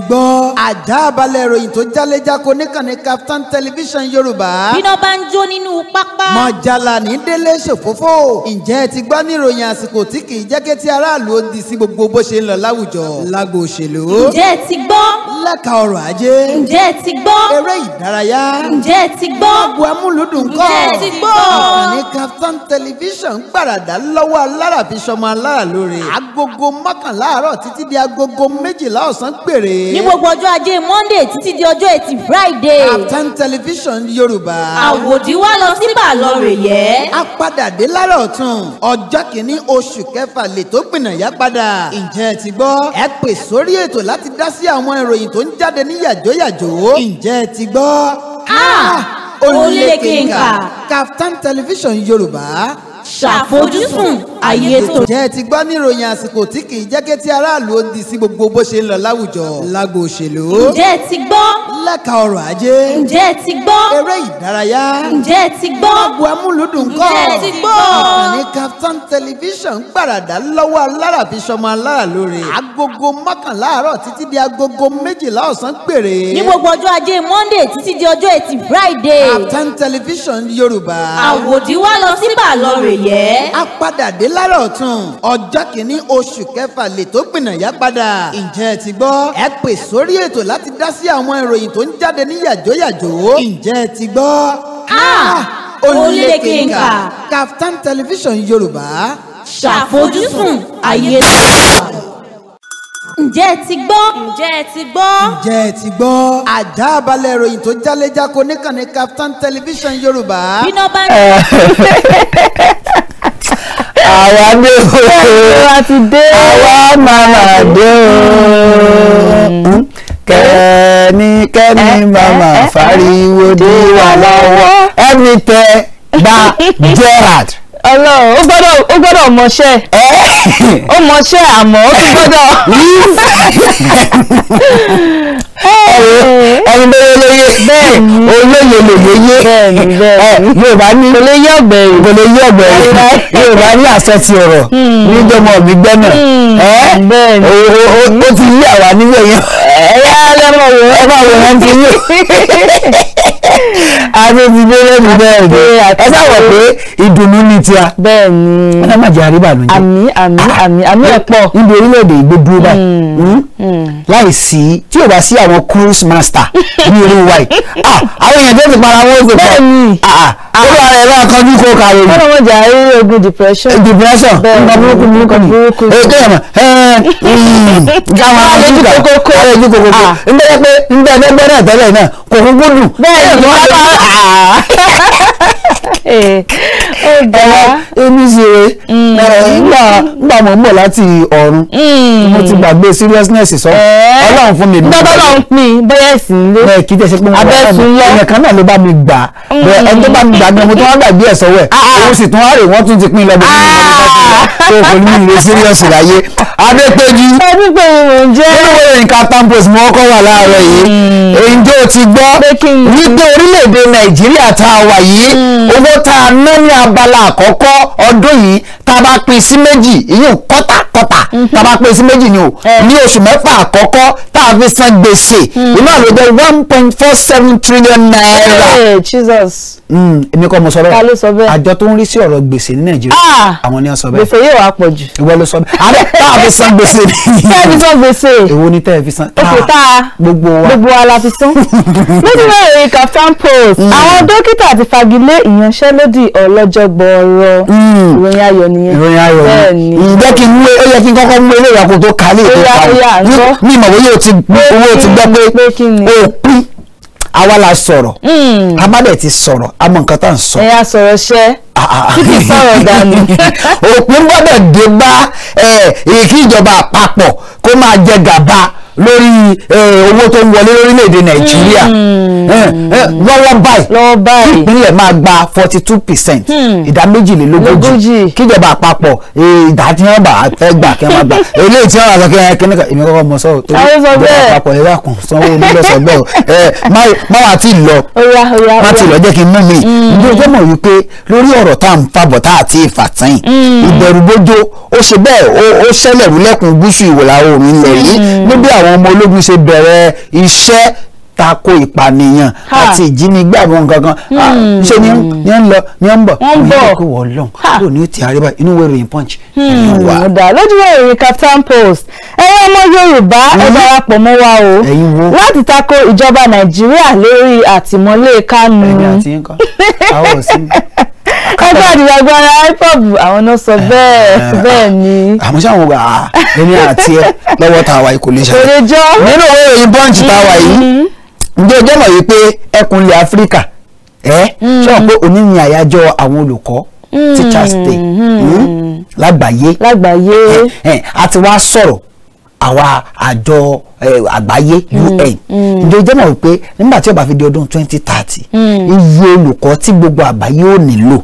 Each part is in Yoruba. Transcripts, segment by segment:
ti gbọ́. àjàbalẹ̀ ìròyìn tó jáléjáko níkànnì captain television yorùbá. bíná bá ń jó nínú pápá. mọ̀jàlá ní délé ṣòfófó. ǹjẹ́ ẹ ti gbọ́ níròyìn àsìkò tí kì í jẹ́ kí ti aráàlú ó di sí gbogbo bó ṣe ń lọ láwùjọ. lágbo òṣèlú. ǹjẹ́ ẹ ti gbọ́. lẹ́ka ọrọ̀ ajé. ǹjẹ́ ẹ ti gbọ́. eré ìdárayá. ǹjẹ́ ẹ ti gbọ́. agbo amúlùdùn kọ́. ǹjẹ́ ẹ ti gbọ́. ìkànnì Kaftan television gbàràdà lọ́wọ́ di agogo méjìlá ọ̀sán péré ní gbogbo ọjọ́ ajé monday títí di ọjọ́ ẹtì friday. Kaftan television yorùbá. àwòdì wa lọ sí bàlọ́rẹ̀ yẹ. a padà dé lárọ̀ ọ̀tún ọjọ́ kìíní oṣù kẹfà lè tó pinna yá padà. ǹjẹ́ ẹ ti gbọ́ ẹ pè sórí ètò láti dá sí àwọn ìròyìn tó ń jáde ní yàjóyàjó. ǹjẹ́ ẹ ti gbọ́. a ò lè kéka television yorùbá ṣàfojúsùn ayé tó. ǹjẹ́ ẹ ti gbọ́ níròyìn àsìkò tí kì í jẹ́ kí tí aráàlú ó di sí gbogbo bó ṣe ń lọ láwùjọ. lágbo òṣèlú. ǹjẹ́ ẹ ti gbọ́. lẹ́ka ọrọ̀ ajé. ǹjẹ́ ẹ ti gbọ́. eré ìdárayá. ǹjẹ́ ẹ ti gbọ́. agbo amúlùdùn kọ́. ǹjẹ́ ẹ ti gbọ́. ìkànnì Kaftan television gbàràdà lọ́wọ́ alára fi ṣọmọ agogo mọ́kànlá àárọ̀ títí di agogo méjìlá ọ̀sán péré. ní gbogbo ọjọ́ ajé Monday títí di ọjọ́ Ẹtì Friday. Captain television Yorùbá. àwòdì wá lọ sí bàlọ́rẹ̀ yẹ̀yẹ́. a padà dé lára ọ̀tún ọjọ́ kìíní oṣù kẹfà lè tó gbìnàyà padà. ǹjẹ́ ẹ ti gbọ́. ẹ pè sórí ètò láti dá sí àwọn ìròyìn tó ń jáde ní yàjóyàjó. ǹjẹ́ ẹ ti gbọ́. Olúléke Nka Television Yorùbá ṣàfojúsùn ayé tó wà ǹjẹ́ ẹ ti gbọ́. ǹjẹ́ ẹ ti gbọ́. ǹjẹ́ ẹ ti gbọ́. àjààbálẹ̀ ìròyìn tó jáléjáko níkànnì Kaftan television yorùbá. bínú bá ń eh. àwa ní òwe àwa màmá dé o kẹ́nikẹ́ni hmm? eh, eh, màmá fariwo dé wa lọ́wọ́ ẹni tẹ bá Gerard. Ọlọ́run ó gbọ́dọ̀ ó gbọ́dọ̀ mọṣẹ́ ó mọṣẹ́ àmọ́ ó tún gbọ́dọ̀. ẹni bẹ́ẹ̀ lóye olóye lòye yé yorùbá ní olóye ọ̀gbẹ̀rì olóye ọ̀gbẹ̀rì yorùbá ní àṣẹ ti ọ̀rọ̀ níjọba ọ̀gbìn gbẹ́nà ó ti yí àwa níbẹ̀ yẹn. ẹ̀yà lọ́mọ wò ẹ máa wò wọ́n ti yé àti ti dé lẹ́nu bẹ́ẹ̀ ni ẹ sáwọ̀ pé ìdùnnú ní tíá bẹ́ẹ̀ ni ẹ má jẹ́ àríbànújẹ́ àmì àmì ah, àmì àmì ẹ̀pọ̀ níbi orílẹ̀-èdè gbogbo báyìí hmm, hmm? hmm. láì sí tí ò bá sí àwọn cruise master ní irú wa yìí ah, àwọn èèyàn tó ti para wọn ti pọ̀ olú ara ẹ̀rọ akọ́jú kó kàwé yìí. wọ́n jẹ́ àárín ogun depression. Eh, depression nǹkan burúkú burúkú ni èké ẹ̀mọ̀ káwọn ará ojú kòkó ẹ̀ ojú kòkó ń bẹ́ẹ̀ pé ń bẹ́ẹ̀ bẹ́ẹ̀ náà tẹ́lẹ̀ náà kòkó gbódùn bẹ́ẹ̀ ni eh, emizire nígbà nígbà mo ń bọ̀ láti ọ̀run mm. mo ti gbàgbé seriousness sọ ọlọ́run fún mi. dọ́dọ́ lọ ń pin bóyá ẹ̀sìn lé kí tẹ̀ ṣe pé mo bá mi ẹ̀yàn kan náà ló bá mi gbà mm. ẹni tó bá mi gbà ni mo tún wá gbàgbé ẹ̀ sọ́wọ́ ẹ̀ òun ah, ah. sì tún wá rè wọ́n tún ti pin lọ́dọ̀ nínú ìlú tó kò ní ìlú serious láyé adépéjú nínú nǹkan tampos mo kọ́ wà láàárọ̀ yìí mm. ǹjẹ́ o ti gbọ́ wípé orílẹ̀-èdè nàìjíríà tá a wà yìí owó tá a ná ní ab abala àkọ́kọ́ ọdún yìí tá a bá pín sí méjì ìyún kọ́tàkọ́tà mhm. tá a bá pín sí méjì ni o ní oṣù mẹ́fà àkọ́kọ́ tá a fi san gbèsè mhm. iná ló jẹ́ one point four seven trillion naira. Hmm, èmi kọ́ mo sọ bẹ́ẹ̀ àjọ tó ń rí sí ọ̀rọ̀ gbèsè ní nàìjíríà ah! àwọn ni wọ́n sọ bẹ́ẹ̀. gbèsè yóò wá pọ̀ jù. ìwọ ló sọ bẹ́ẹ̀ àrẹ tá a fi san gbèsè ni. tẹ́ ẹ fi san gbèsè. èwo ni tẹ́ ẹ fi san. òkè tá a gbogbo wa gbogbo wa la fi san. méjì mẹ́rin Kaftan Post hmm. àwọn dókítà ti fagilé ìyanṣẹ́lódì ọlọ́j jẹ́ gbọ́ọ̀rọ̀ hmm. ìròyìn ayọ̀ nìyẹn ìròyìn ayọ̀ bẹ́ẹ̀ ni ǹjẹ́ kí n mú ó yẹ kí n kọ́kọ́ mú eléyà kó tó kálé ètò ìpamọ́ ní ìmọ̀ owó ti owó ti gbọ́ pé ó pín àwa la sọ̀rọ̀ hmm. a bá dẹ̀ ti sọ̀rọ̀ a mọ nǹkan tá à ń sọ. ẹ̀yà sọ̀rọ̀ ṣẹ́ títí sọ̀rọ̀ dànù. òpin gbọ́dọ̀ dé bá kí ìjọba àpapọ̀ kó máa jẹ gàba lórí owó tó ń wọlé lórílẹ̀‐èdè nàìjíríà hmm. lọ́wọ́ báyìí ìpínlẹ̀ máa gba forty two percent hmm. ìdá méjìlélógójì kíjọba àpapọ̀ ìdá tí wọ́n bá fẹ́ kí wọ́n gbà eléyìí tí wọ́n bá sọ kí wọ́n kíní kan èmi kọ́kọ́ mọ sọ́wọ́ tó ìjọba àpapọ̀ ẹ̀rọ àkùn sanwó olólọ́sọ̀ bẹ́ẹ̀ o má wàá lọ má tí lọ jẹ́ kí n mú mi ìjọba hmm. mọ̀ wípé lórí ọ̀rọ̀ ọ̀rọ̀ tá à ń fàbọ̀ tá àti ìfàtẹ́yìn mm. ìbẹ̀rùbojo ó ṣe bẹ́ẹ̀ ó ṣẹlẹ̀ rúlẹ́kùn gúúsù ìwòlà oòrùn ilẹ̀ yìí mm. níbi àwọn ọmọ ológun ṣe bẹ̀rẹ̀ iṣẹ́ tako ìpànìyàn àti ìjínigbé àwọn nǹkan kan hmm. ṣé ni ni ń lọ ni ń bọ̀ wọ́n yóò kó wọ́n lọ́n lò ní ti àríwá inú ìwé ìròyìn punch. ọ̀dà lójúwé ìròyìn Post ẹ̀yin ọmọ Yorùbá ẹ hmm. darapọ̀ mọ́ wa o láti tako ìjọba Nàìjíríà lórí àtìmọ́lé Kánú. ẹ̀yin àti ipob àwọn náà sọ bẹ́ẹ̀ ah. bẹ́ẹ̀ ni. àmọ́ ṣáà wọn gbà àti ẹ lọ́wọ́ tá a wà yìí kò lè nínú òwe ìbọn jù tá a wà yìí hmm ǹjẹ́ ọjọ́ mọ̀ yìí pé ẹkùn ilẹ̀ áfíríkà ẹ sọ hmm. pé òní ni àyájọ́ àwọn olùkọ́ hmm. teachers day hmm. lágbàáyé lágbàáyé a ti wá sọ̀rọ̀ àwa àjọ àgbáyé UN ǹjẹ́ ọjọ́ mọ̀ pé nígbà tí ó fi di ọdún twenty thirty iye olùkọ́ tí gbogbo àgbáyé ò nílò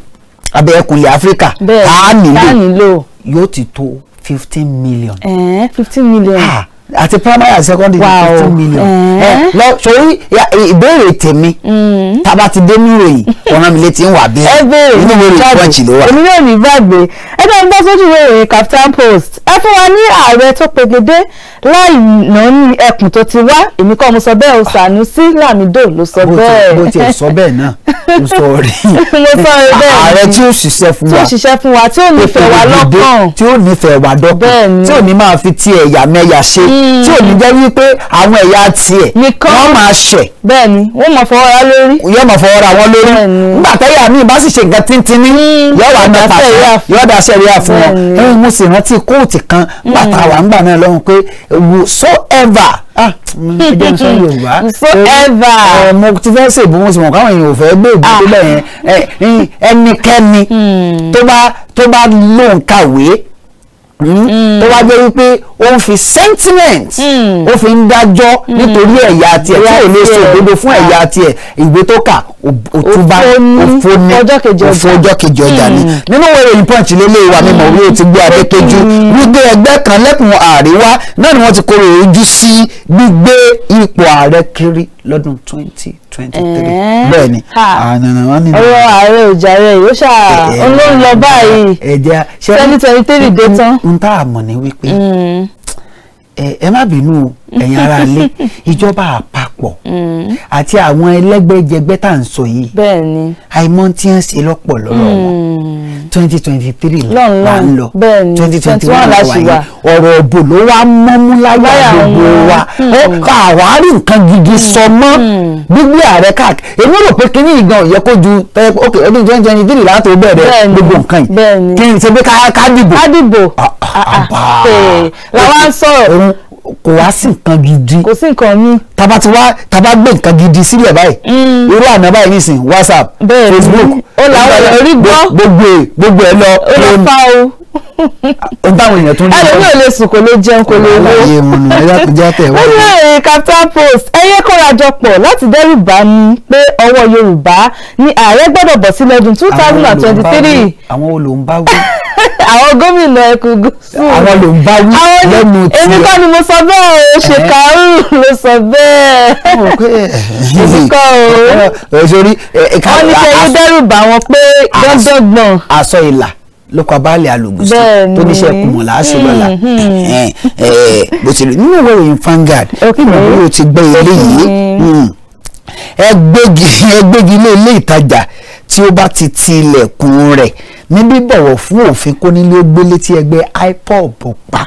abẹ́ ẹkùn ilẹ̀ áfíríkà tá a nílò yóò ti tó fifteen million. fifteen million àti primary and secondary wow. fifteen million ẹ eh? eh, lọ sori ìbéèrè tèmi mm. taba ti dé nírò yìí ọ̀nà mi létí ń wà bí inú mi rí pọ́ǹchì ló wà. èmi náà ní gbàgbé ẹgbẹ́ mi bá sójú ìwé ìròyìn Kaftan Post ẹ fún wa ní ààrẹ tó pegedé láì ná ní ẹkùn tó ti wá èmi kọ́ mo sọ bẹ́ẹ̀ o Sànúsí Lamido ló sọ bẹ́ẹ̀. bó tiẹ̀ sọ bẹ́ẹ̀ náà mo sọ rí ààrẹ tí ó ṣiṣẹ́ fún wa tí ó ṣiṣẹ́ fún wa tí ó nífẹ̀ẹ́ wa lọ́kàn tí ó nífẹ̀ẹ́ wa dọ́kàn tí ò ní máa fi ti ẹ̀yà ṣe tí ò ní jẹ́ wípé àwọn ẹ̀yà tiẹ̀ wọ́n máa ṣẹ̀. bẹ́ẹ̀ni wọ́n máa fọwọ́ ra lórí. yóò máa fọwọ́ ra wọn lórí. nígbà tẹ́yà mi bá sì ṣe nǹkan tíntínní hmm, yóò wà ní pàtó yóò dá sẹ́ríà fún wọn. ẹ̀yin mo sì rántí kóòtù kan hmm. bàtà wà ń gbà náà lọ́hùn pé whosoever ah ẹjẹ n sọ yorùbá forever ẹ eh, eh, mo ti fẹ́ ṣèbú mo sì mọ̀ káwọn èèyàn ò fẹ́ gbé ìgbé débẹ̀ ah. yẹn eh, ẹnikẹ́ni hmm. tó bá tó bá lóun kàwé Hmm? Hmm. tó wá jẹ́ wípé ó ń fi sentiment hmm. ó fi ń dájọ́ nítorí ẹ̀yà tiẹ̀ tí ò lè ṣe òdodo fún ẹ̀yà ah. tiẹ̀ ìwé tó kà òtúbá òfóní òfó ọjọ́ kejì ọjà ni nínú ìwé ìròyìn punch lélẹ̀ wa mímọ̀ wí ó ti gbé adékejú wípé ẹgbẹ́ kan lẹ́kùn àríwá náà ni wọ́n ti kórè ojú sí gbígbé ipò ààrẹ kiri lọ́dún twenty twenty three bẹ́ẹ̀ ni ànànà wọn ni. ọ̀rọ̀ ààrẹ ìjàre yóò ṣá olóhùn lọ báyìí twenty twenty three dé tán. n tá a mọ̀ ní wípé ẹ má bínú o ẹ̀yin ará ilé ìjọba àpapọ̀ mm. àti àwọn ẹlẹ́gbẹ́jẹgbẹ́ tá à ń sọ yìí àìmọ̀ tí wọ́n ṣe lọ́pọ̀ lọ́rọ̀ wọn mm. twenty twenty three là ń lọ twenty twenty one la wà yìí ọ̀rọ̀ òbò ló wá mọ́mú láyà gbogbo wa mm. àwa rí nǹkan gidi sọ mọ́ gbígbé ààrẹ káàkiri èmi rò pé kíní ìgbọ̀n ò yẹ kó ju ok ọdún twenty twenty three láti ó bẹ̀rẹ̀ gbogbo nǹkan yìí kí n ṣe pé ká dìbò. ká dìbò àbá ah, ah, ah, kò wá sí nǹkan gidi kò sí nǹkan mi taba ti wá taba gbé nǹkan gidi sílẹ̀ báyìí mm. irú àná báyìí nísìn whatsapp facebook ó làwọn orí gbọ́ gbogbo ẹ̀ gbogbo ẹ̀ lọ ó lọ fa o báwọn èèyàn tún lè jẹun ẹlòmíì ò lè sùn kò lè jẹun kò lè wó wọ́n ní èrè Kaftan Post ẹyẹ kórajọpọ̀ láti dẹ́rù bá ní pé ọwọ́ Yorùbá ni ààrẹ gbọ́dọ̀ bọ̀ sí lọ́dún two thousand and twenty three. àwọn wo wí. àwọn gómìnà ẹkùn gúúsù. àwọn ló wí lẹ́nu tiẹ̀. èmi kọ́ ni mo sọ bẹ́ẹ̀ o Ṣèkárù ló sọ bẹ́ẹ̀. èmi eh, kọ́ o. Eh, eh, wọ́n ní kẹ́yìn dẹ́rù bá wọn pé dandan gbọ̀n. àsọ ìlà lọ́kọ̀ abáàlẹ̀ alògùsì tó níṣẹ́ kùmọ̀ láàṣẹ hmm, lọ́la hmm. bó ti rí nínú ìwé ìròyìn Vanguard nínú ìwé ìròyìn ti gbẹ́ ilé yìí hmm, ẹgbẹ́gi ẹgbẹ́gi ilé ilé ìtajà tí ó bá ti ti ilẹ̀kùn rẹ̀ ní bíbọ̀wọ̀ fún òfin kónílé ó gbélé tí ẹgbẹ́ IPOB pa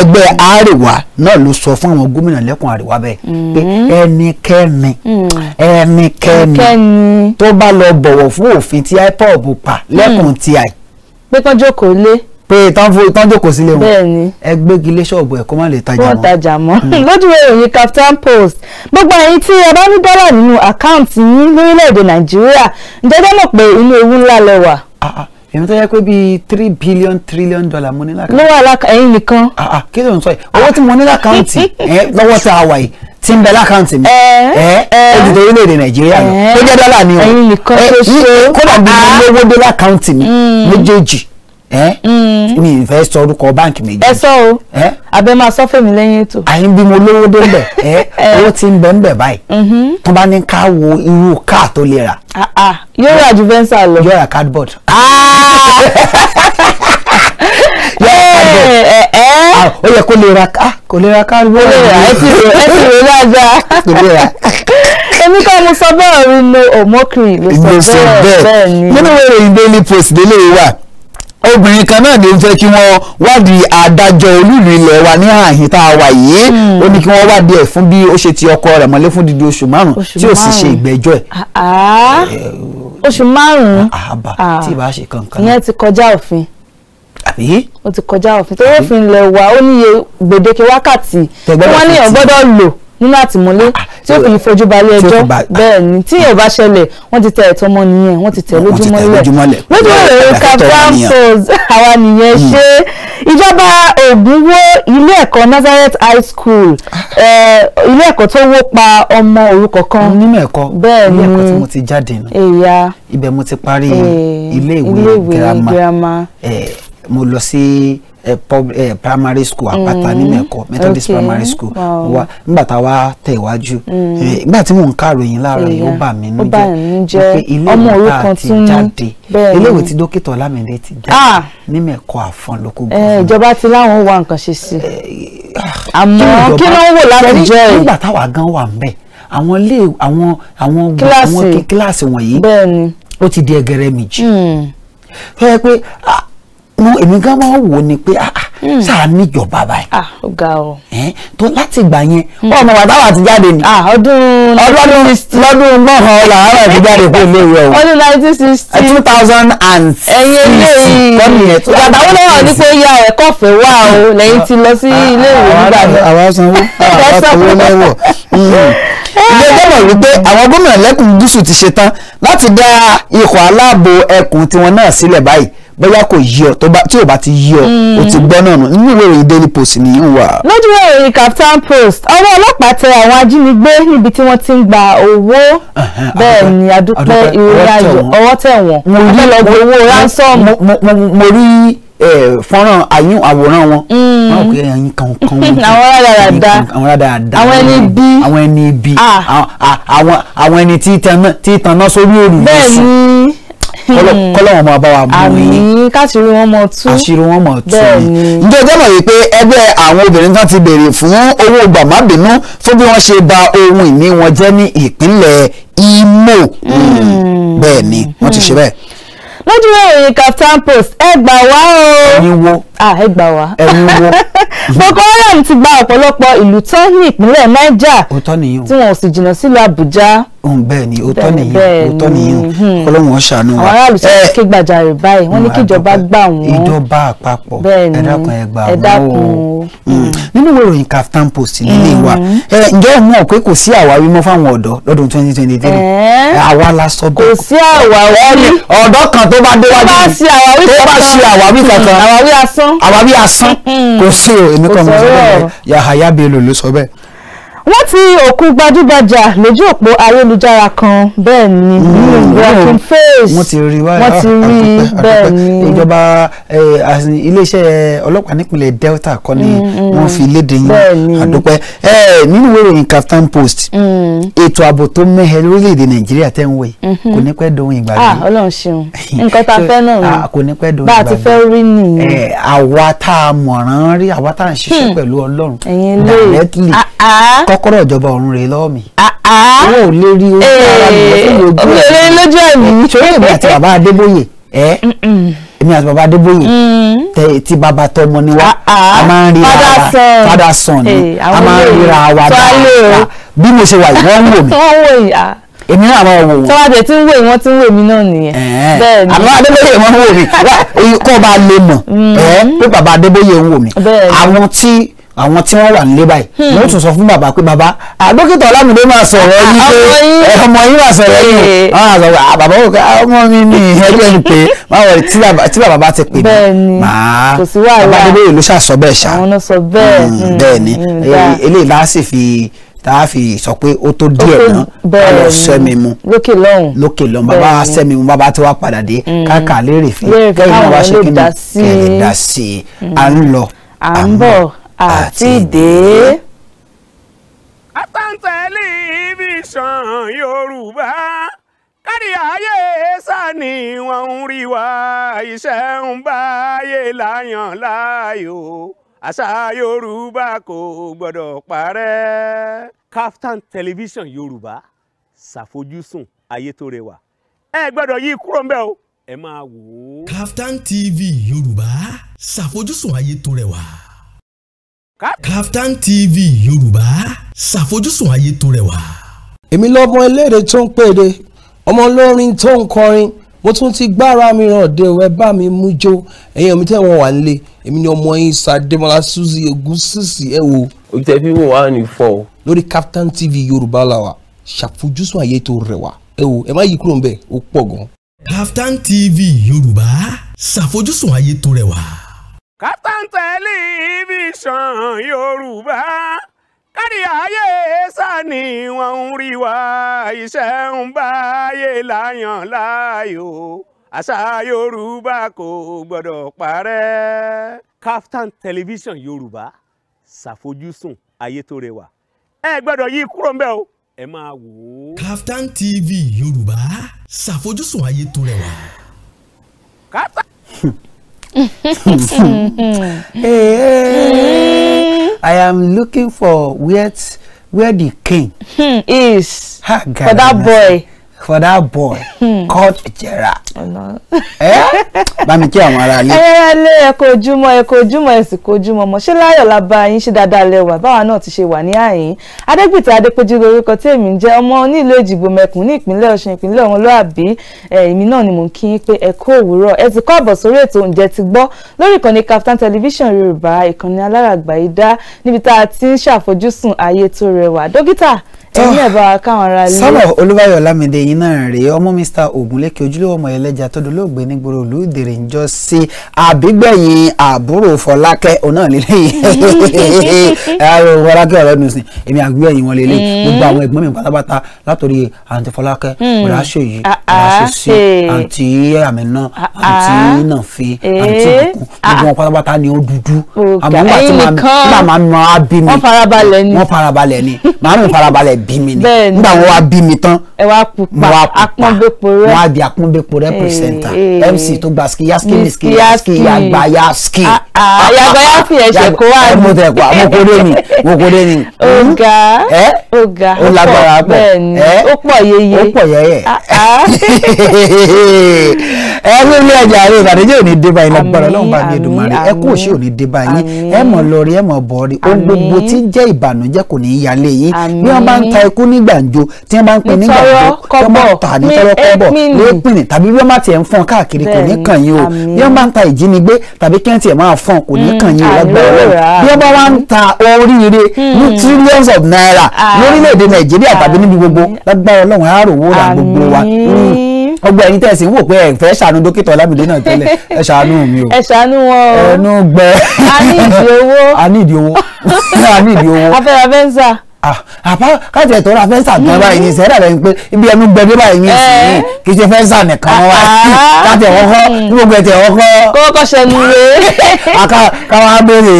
ẹgbẹ́ àríwá náà ló sọ fún àwọn gómìnà lẹ́kùn àríwá bẹ́ẹ̀ pé ẹnikẹ́ni ẹnikẹ́ni tó bá lọ bọ̀wọ̀ fún òfin tí IPOB pa lẹ́kùn ti àjẹ́ pé tán jókòó lé. pé tán fo tán jókòó sílé wọn bẹ́ẹ̀ni ẹ gbégi lé ṣọ́ọ̀bù ẹ̀ kó má lè tajà mọ́. wọ́n tajà mọ́ hmm. lójú ìròyìn Kaftan Post gbogbo ẹ̀yin tí ẹ bá ní dọ́là nínú àkáǹtì yín lórílẹ̀‐èdè Nàìjíríà ǹjẹ́ dẹ́ mọ̀ pé inú ewu ńlá lẹ wà. Ah, ah, èmi tó yẹ pé bíi three billion trillion dollar mo ní lákàntì. ló wà lákàntì ẹ̀yin nìkan. Ah, kí ló ń sọ yìí owó tí mo ní lákàntì lọ́wọ́ tí a wà yìí tí ń bẹ lákàntì mi ẹ ẹ ojú tó orílẹ̀-èdè nàìjíríà lọ tó jẹ́ dọ́là ni o kódà bí mo ah. lówó dé lákàntì mi mm. méjèèjì mm. mi ì fẹ́ sọ orúkọ báǹkì méjì. ẹ sọ o abẹ máa sọ fèmí lẹ́yìn ètò. àyè bí mo lówó dé ńbẹ owó ti ń bẹ ńbẹ báyìí mm-hmm. tó bá ní ká wo irú káà tó lè rà. Ah, ah. yóò rà ju venza lọ. cardboard. yóò rà cardboard. Ah, ó yẹ kó lè ra ká kò lè ra ká wọ́n. kò lè ra ẹ ti rò ẹ ti rò dáadáa. kò lè ra. èmi kọ́ mo sọ bẹ́ẹ̀ rí no omokiri ló sọ bẹ́ẹ̀ bẹ́ẹ̀ ni. nínú ìròyìn daily post délé wà obìnrin kan náà ló ń fẹ́ kí wọ́n wádìí adájọ́ olúìlú ilẹ̀ wa ní àhín tá a wà yìí hmm. ó ní kí wọ́n wádìí ẹ̀ fún bí ó ṣe ti ọkọ rẹ̀ mọ́lé fún dídí oṣù márùn-ún tí ó sì ṣe ìgbẹ́jọ́ ẹ̀. Ah, ah. Eh, oṣù márùn-ún àbá tí ì bá ṣe kankan. ìyẹn ti kọjá òfin àbí. o ti kọjá òfin tó rófin ilẹ̀ wa ó níye gbèdéke wákàtí tí wọ́n níyàn gbọ́dọ̀ lò nínú àtìmọ́lé ah, ah, tí ó fi fojú balẹ̀ ẹjọ́ ah. bẹ́ẹ̀ ni tí yóò bá ṣẹlẹ̀ wọ́n ti tẹ ẹ̀tọ́ ọmọ nìyẹn wọ́n ti tẹ lójúmọ́lẹ̀ lójú ọ̀rẹ́ capram àwa nìyẹn hmm. ṣe ìjọba Ògùn wó ilé ẹ̀kọ́ Nazareth High School eh, ilé ẹ̀kọ́ tó wó pa ọmọ òrukàn kan nínú ẹ̀kọ́ bẹ́ẹ̀ ni ilé ẹ̀kọ́ tí mo ti jáde nù ibẹ̀ mo ti parí eh, ilé ìwé girama eh, mo lọ sí eh, pub, eh, primary school àpáta mm. ní mẹ́kọ́ methodist primary school wow. wa nígbà tá a wá tẹ̀ iwájú mm. eh, nígbà tí mò ń kàròyìn láàárọ̀ yìí ó bà mí nú jẹ́ pé ilé ìwé tá a ti jáde ilé ìwé tí dókítà Ọlámídé ti jáde ní mẹ́kọ́ àfọn lóko eh, gbọ́n. ìjọba ti láwọn wá nǹkan ṣe sí i eh, àmọ́ kí ló ń wò láti jẹ́ ẹ̀ nígbà táwa gan wà ń bẹ̀ àwọn ilé àwọn àwọn kíláàsì wọ̀nyí ó ti di ẹgẹrẹ méjì hmm. tó yẹ pé ah, mo èmi gan máa wò ni pé sáà ah, ah, hmm. níjọba báyìí. Ah, ó ga ọ. tó láti gbà yẹn ọmọ bàbá wa ti jáde ni. ọdún ọdún lọ́dún mọ́hàn làárọ̀ ti jáde kó lè yẹ o. ọdún nineteen sixty. two thousand and six. ẹyin eléyìí bàbá wọn lọ́wọ́ ní pé ya ẹ̀kọ́ fẹ́ wà o lẹ́yìn tí lọ sí ilé ìwé nígbà náà. àwa sanwó àwa sanwó lẹ́wọ̀ hmm. ilé gómìnà wípé àwọn gómìnà lẹ́kùn gúúsù ti ṣetán láti dá ikọ̀ aláàbò ẹkùn tiwọn náà sílẹ̀ báyìí bóyá kò yí ọ tí ò bá ti yí ọ o ti mm. gbọ́ náà nù nínú ìwé ìròyìn daily post ni ń wà. lójú ìròyìn Kaftan Post ọwọ́ ọlọ́pàá tẹ àwọn ajínigbé níbi tí wọ́n ti ń gba owó bẹ́ẹ̀ ni adúpẹ́ ìròyìn ayọ̀ ọwọ́ tẹ̀ wọ́n wọ́n fẹ́ lọ gbé owó ránsọ́ọ̀mù. mo rí fọ́nrán àyún àwòrán wọn wọn kò yẹ ẹyin kan kan wọn àwọn rádaràda àwọn ẹni bí àwọn ẹni bí ah. àwọn ẹni tí tanná sórí òrùlé sùn Hmm. kọ́lọ́wọ́n máa bá wa mú yín àmì káṣírí wọn mọ̀ tú àṣírí wọn mọ̀ tú yín ǹjẹ́ jẹ́ mọ̀ wípé ẹgbẹ́ àwọn obìnrin tán ti béèrè fún owó gbàmábìínú fún bí wọ́n ṣe bà ohun ìní wọn jẹ́ ní ìpínlẹ̀ Imo hmm. bẹ́ẹ̀ ni wọ́n ti ṣe hmm. bẹ́ẹ̀ lójú ìròyìn Kaftan Post ẹ gbà wá o ẹ̀yin wo ẹ gbà wá ẹ̀yin wo Boko Haram ti gba ọ̀pọ̀lọpọ̀ ìlú tán ní ìpínlẹ̀ Niger tí wọn ò sì jìnnà sílùú Àbújá òun bẹ́ẹ̀ ni hmm. ó tọ́ nìyí ó tọ́ nìyí ọlọ́run ọ̀ṣàánú wa. àwọn aráàlú ti eh, ké gbàjarè báyìí wọ́n ní kí ìjọba gbà wọ́n. ìjọba àpapọ̀ ẹ dákun ẹ gbà wọ́n o hmm. Hmm. nínú ìwé ìròyìn Kaftan Post nílé wa eh, ǹjẹ́ ẹ mọ̀ pé kò sí àwáwí mọ́ fáwọn ọ̀dọ́ lọ́dún twenty twenty three eh? àwa la sọ bẹ́ẹ̀. kò sí àwáwí ọ̀dọ́ kan tó bá déwájú tó bá ṣe àwáwí kankan àwáwí asán kò sí èmi kan mo sọ bẹ́ẹ̀ Yahaya Bello ló sọ bẹ́ẹ̀ wọ́n ti òkú gbajúgbajà lójú òpó ayélujára kan bẹ́ẹ̀ ni broken mm, face wọ́n ti rí wọ́n ti rí bẹ́ẹ̀ ni. ìjọba eh, iléeṣẹ́ ọlọ́pàá nípínlẹ̀ Delta kọ́ ni mm, mm. wọ́n fi léde yín àdúpẹ́ eh, nínú ìwé ìròyìn Kaftan Post ètò ààbò tó mẹ́hẹ lórílẹ̀‐èdè Nàìjíríà tẹ́ ń wẹ̀ mm-hmm. kò ní pẹ́ dohun ìgbàgbé. ah Ọlọ́run ṣeun nǹkan tá a fẹ́ náà ah, kò ní pẹ́ dohun ìgbàgbé bá a ti fẹ́ rí nìyẹn. Eh, àwa tá a mọ̀ràn rí àwa tá a ń ṣiṣẹ́ hmm. pẹ̀lú Ọlọ́run directly. Ah, ah kọ́kọ́rọ́ ìjọba ọ̀run rèé lọ́wọ́ mi. owó ah, ah. ò lè rí owó ara eh, mi lọ́sọ̀rọ̀ ojú ẹ̀. èmi àti bàbá Adébóyè bí mo ṣe wà yìí wọ́n wò mí. Ah. èmi náà máa wò wò. tọ́wọ́ àti tí ń wò wọ́n tí ń wò mí náà nìyẹn. àwọn Adébóyè wọ́n wò mí kó bá lè mọ̀ mm. pé bàbá Adébóyè ń wò mí àwọn tí àwọn tí wọ́n wà nílé báyìí hmm. wọ́n tún sọ fún bàbá pé bàbá àdókítà Ọlámídé máa sọ̀rọ̀ yìí ah, pé ọmọ yìí máa sọ̀rọ̀ yìí àwọn eh. àgbà bàbá wò ká ọmọ mi ní ẹgbẹ́ ni pé máa wọ̀ tí bàbá bá ti pè mí máa bàbá délé ìlú ṣàṣọ bẹ́ẹ̀ ṣá bẹ́ẹ̀ hmm, hmm, ni eh, eléyìí láásì fi tá a fi sọ pé ó tó díẹ̀ náà a lọ sẹ́mi mu lókè lọ́hùn lókè lọ́hùn bàbá wa sẹ́mi mu bàbá tí wàá padà dé káàkà lérè fi kẹ́yìn náà wá ṣe kí ni kẹ́yìn dá sí i à ń lọ à ń bọ̀ àti dé. Kaftan Television Yorùbá kárí ayé sani wọn ń rí wa iṣẹ́ ń bá ayé láyàn láàyò àṣà Yorùbá kò gbọ́dọ̀ parẹ́. Kaftan Television Yorùbá ṣàfojúsùn ayé tó rẹwà ẹ gbọ́dọ̀ yí kúrò ń o ẹ máa wò ó. Kaftan TV Yorùbá ṣàfojúsùn ayé tó rẹwà. Captain TV Yorùbá ṣàfojúsùn ayé tó rẹwà. èmi lọ́mọ eléèrè tó ń pèrè ọmọ olórin tó ń kọrin mo tún ti gbára mi ràn dé ẹ bá mi mú jó ẹ̀yin omi tẹ́ wọn wà nílé èmi ni ọmọ yín Ṣadémọ́lá Suzy Ògúnsìsì ẹ wo. òjìṣẹ́ fíwò wà ní fọ́. lórí Kaftan TV Yorùbá la wà ṣàfojúsùn ayé tó rẹwà ẹ wo ẹ má yí kúrò ń bẹ̀ ó pọ̀ gan. Kaftan TV Yorùbá ṣàfojúsùn ayé tó rẹwà. Kaftan Television Yorùbá kárí ayé sani wọn ń rí wa iṣẹ́ ń bá ayé láyàn láàyò àṣà Yorùbá kò gbọ́dọ̀ parẹ́. Kaftan Television Yorùbá ṣàfojúsùn ayé tó rẹwà ẹ gbọ́dọ̀ yí kúrò ń o ẹ máa wò ó. Kaftan TV Yorùbá ṣàfojúsùn ayé tó rẹwà. Kaftan. hey, hey. I am looking for where where the king hmm. is. Ha, for that boy. for that boy hmm. called Jera. Bámi kí àwọn ará ilé. Ẹ lé ẹ̀kọ́ ojúmọ́ ẹ̀kọ́ ojúmọ́ ẹ̀sìn kọ́ ojúmọ́ mọ̀ ṣé láyọ̀ la bá yín ṣe dáadáa lẹ́wà báwa náà ti ṣe wà ní àyín. Adégbìtà Adépèjì lórúkọ tí èmi ń jẹ́ ọmọ onílù Èjìgbò Mẹ̀kún ní ìpínlẹ̀ Ọ̀ṣun ìpínlẹ̀ Ọmọlúàbí èmi náà ni mò ń kí yín pé ẹ kú òwúrọ̀ ẹ ti kọ́ àbọ̀ sórí ètò oúnjẹ ti gbọ́ lórí ìkànnì Kaftan Television Yorùbá ìkànnì alára àgbáyé dá níbi tá a ti ń ṣàfojúsùn ayé ẹ̀yin ah, ẹ̀ bá káwọn ara lé. sábà olúbáyọ̀ ọlámídé yín náà rèé ọmọ mr ogunléke ojúlówó ọmọ ẹlẹ́jà tó dolóògbé nígboro olùdèrè ń jọ sí àbígbẹ̀yìn àbúrò fọlákẹ́ ọ̀nà lílé yìí ẹ̀rọ fọlákẹ́ ọ̀rẹ́ mi sìn èmi àgbẹ̀yìn wọn lélẹ̀ mm. gbogbo àwọn ẹ̀gbọ́n mi pátápátá látòrí àǹtí fọlákẹ́ ọ̀làṣẹ yìí ọ̀làṣẹ sí àǹtí àmínà ah, ah. àǹtí nàfi eh. ni ó dúdú àmọ́ nígbà tí màmá mi máa bímọ wọ́n farabalẹ̀ ni màmá mi farabalẹ̀ bí mi ni nígbà wọn wá bí mi tán mo wá pupa mo wá di apọ́nbẹ́po representer eh, eh. mc tó gba skiyaski ni skiyaski yagbayaski yagbayaski ẹ̀ṣẹ̀ kó wá ní. mo tẹ̀ kó mo kó dé ni mo kó dé ni. ọ̀gá hmm? ọ̀gá ó lágbára pọ̀ ó pọ̀ yeye ó pọ̀ yeye ah, ah. ẹ ní ilé ẹja rẹ ìbàdíjẹ́ ò ní dé báyìí lágbára ọlọ́run bá mi Èdùmàrè ẹ kú òṣì ò ní dé báyìí ẹ mọ̀ lọ rí ẹ mọ̀ bọ̀ rí ohun gbogbo tí ń jẹ́ ìbànújẹ́ kò ní í yálé yín bí wọ́n bá ń ta ikú ní gbàǹjo tí wọ́n bá ń pín ní gbàǹjo tí wọ́n bá ń tà ní tọ́rọ́ kọ́bọ̀ lépìnrin tàbí bí wọ́n bá tiẹ̀ ń fọ́n káàkiri kò ní kàn yín o bí wọ́n bá ń ta ìjínigbé tàbí kí wọ́n tiẹ̀ máa fọ́n kò ní mm, kàn yín o lágbára bí wọ́n bá wá ń ta oríire mm. ní trillions of naira lórílẹ̀‐èdè nàìjíríà tàbí níbi gbogbo lágbára ọlọ́run á rò wó ra gbogbo wa mm. ọgbọ ẹ̀yin tẹsí wò pé ẹ fẹ́ ṣàánú dókítà Ọlámídé náà tẹ́lẹ̀ ẹ ṣàánú mi o ẹ ṣàánú wọn o ẹnu gbẹ a ní ìdí owó a ní ìdí owó a ní ìdí owó afẹ́rẹ́ fẹ́ ń sà. Ah, àbá káàtì ẹ̀tọ́ ra fẹ́ǹsà gan báyìí ní sẹ́dá rẹ̀ ń pé ibi ẹnu gbẹdé báyìí ní ìsìn eh? kì í ṣe fẹ́ǹsà nìkan wá káàtì ọkọ ní gbogbo ẹ̀tẹ̀ ọkọ. kókó ṣẹnu re. káwa béèrè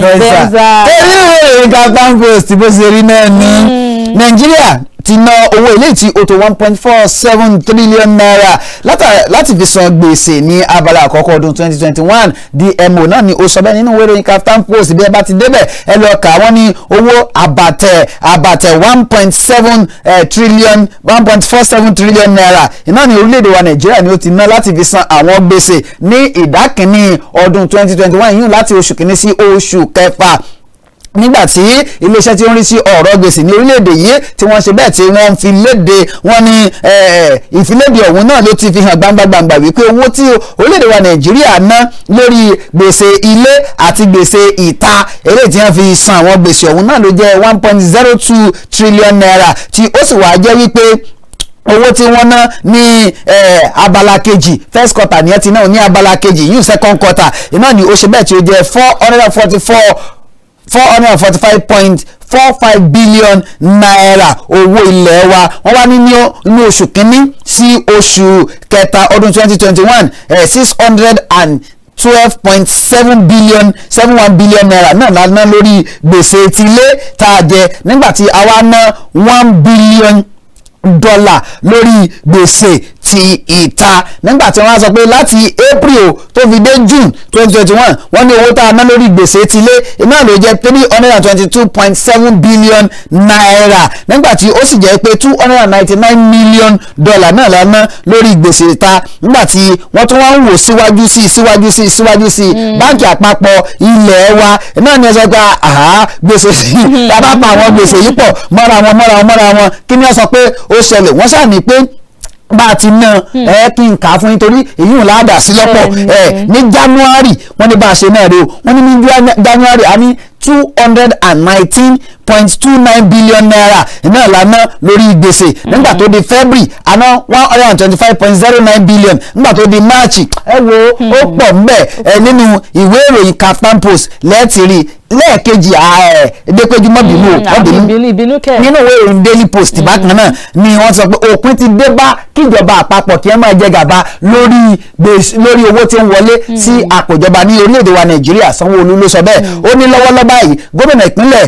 fẹ́ǹsà. èyí ló lè rí ká pan post bó ṣe rí náà ní hmm. nàìjíríà ti ná owó ilé tí ó tó one point four seven trillion naira láti fi san gbèsè ní abala àkọ́kọ́ ọdún twenty twenty one DMO náà ni ó sọ bẹ́ẹ̀ nínú ìwé ìròyìn Kaftan Post bí ẹ bá ti débẹ̀ ẹ lọ kà wọ́n ní owó àbàtẹ̀ àbàtẹ̀ one point seven trillion one point four seven trillion naira iná ní orílẹ̀-èdè wa Nàìjíríà ni ó ti ná láti fi san àwọn gbèsè ní ìdá kìíní ọdún twenty twenty one yìí láti oṣù kìíní sí oṣù kẹfà nígbà tí iléeṣẹ́ tí ó ń rí sí ọ̀rọ̀ gbèsè ní orílẹ̀-èdè yìí tí wọ́n ṣe bẹ́ẹ̀ tí wọ́n fi léde wọ́n ní eh, ìfiléde ọ̀hún náà ló ti fi hàn gbangbangba wípé owó tí orílẹ̀-èdè wa nàìjíríà ná lórí gbèsè ilé àti gbèsè ìta eléyìí tí wọ́n fi san àwọn gbèsè ọ̀hún náà ló jẹ́ one point zero two trillion naira tí ó sì wá jẹ́ wípé owó tí wọ́n ná ní eh, abala kejì first quarter ni ẹ ti náà ní abala kejì yìí second quarter iná ni ó ṣe bẹ́ẹ̀ tí ó jẹ́ four hundred and forty four four hundred and forty five point four five billion naira owó ilé wa wọ́n wá ní ní oṣù kínní sí oṣù kẹta ọdún twenty twenty one eh, six hundred and twelve point seven billion seven one billion naira náà la ná lórí gbèsè ti ilé tá a jẹ nígbà tí a wá ná one billion dollar. lórí gbèsè láti ìta nígbà tí wọ́n sọ pé láti april tó fi dé june twenty twenty one wọ́n ní owó tá a ná lórí gbèsè ti lé iná ló jẹ́ three hundred and twenty two point seven billion naira nígbà tí ó sì jẹ́ pé two hundred and ninety nine million dollar náà la ná lórí gbèsè ta nígbà tí wọ́n tún wá ń wò síwájú sí i síwájú sí i síwájú sí i hmm. báńkì àpapọ̀ ilé wa náà ni ẹ sọ pé àhá gbèsè yìí bàbá pa àwọn gbèsè yìí pọ̀ mọ́ra wọn mọ́ra wọn mọ́ra wọn kí ni wọ́n sọ pé ó ṣẹlẹ̀ wọ́n ṣàní pé bá a ti ná hmm. ẹ kí n kà á fún yín torí èyí ò láàdà sí lọ́pọ̀ ẹ ní january wọ́n ní bá a ṣe náà rè o wọ́n ní ní january a ní two hundred and nineteen point two nine billion naira iná ìlànà lórí gbèsè mm-hmm. nígbà tó di february àná one hundred and twenty five point zero nine billion nígbà tó di march ẹ wo mm-hmm. ó pọ̀ mbẹ̀ ẹ nínú ìwé ìròyìn Kaftan Post lẹ́ẹ̀tì rí lẹ́ẹ̀kejì ààrẹ ẹ̀ẹ́dẹ́gbẹ́jú mọ́ bínú ọ̀bínú mm-hmm. ah, nínú ìwé ìròyìn daily post bákan náà ni wọ́n sọ pé òpin ti dé bá kíjọba àpapọ̀ kí ẹ máa jẹ gàba lórí lórí owó tí ń wọlé sí àpòjọba ní orílẹ̀-èdè wa nàìjíríà sanwó-olu ló sọ bẹ́ẹ̀ ó ní lọ́wọ́lọ́wọ́ báyìí gómìnà ìpínlẹ̀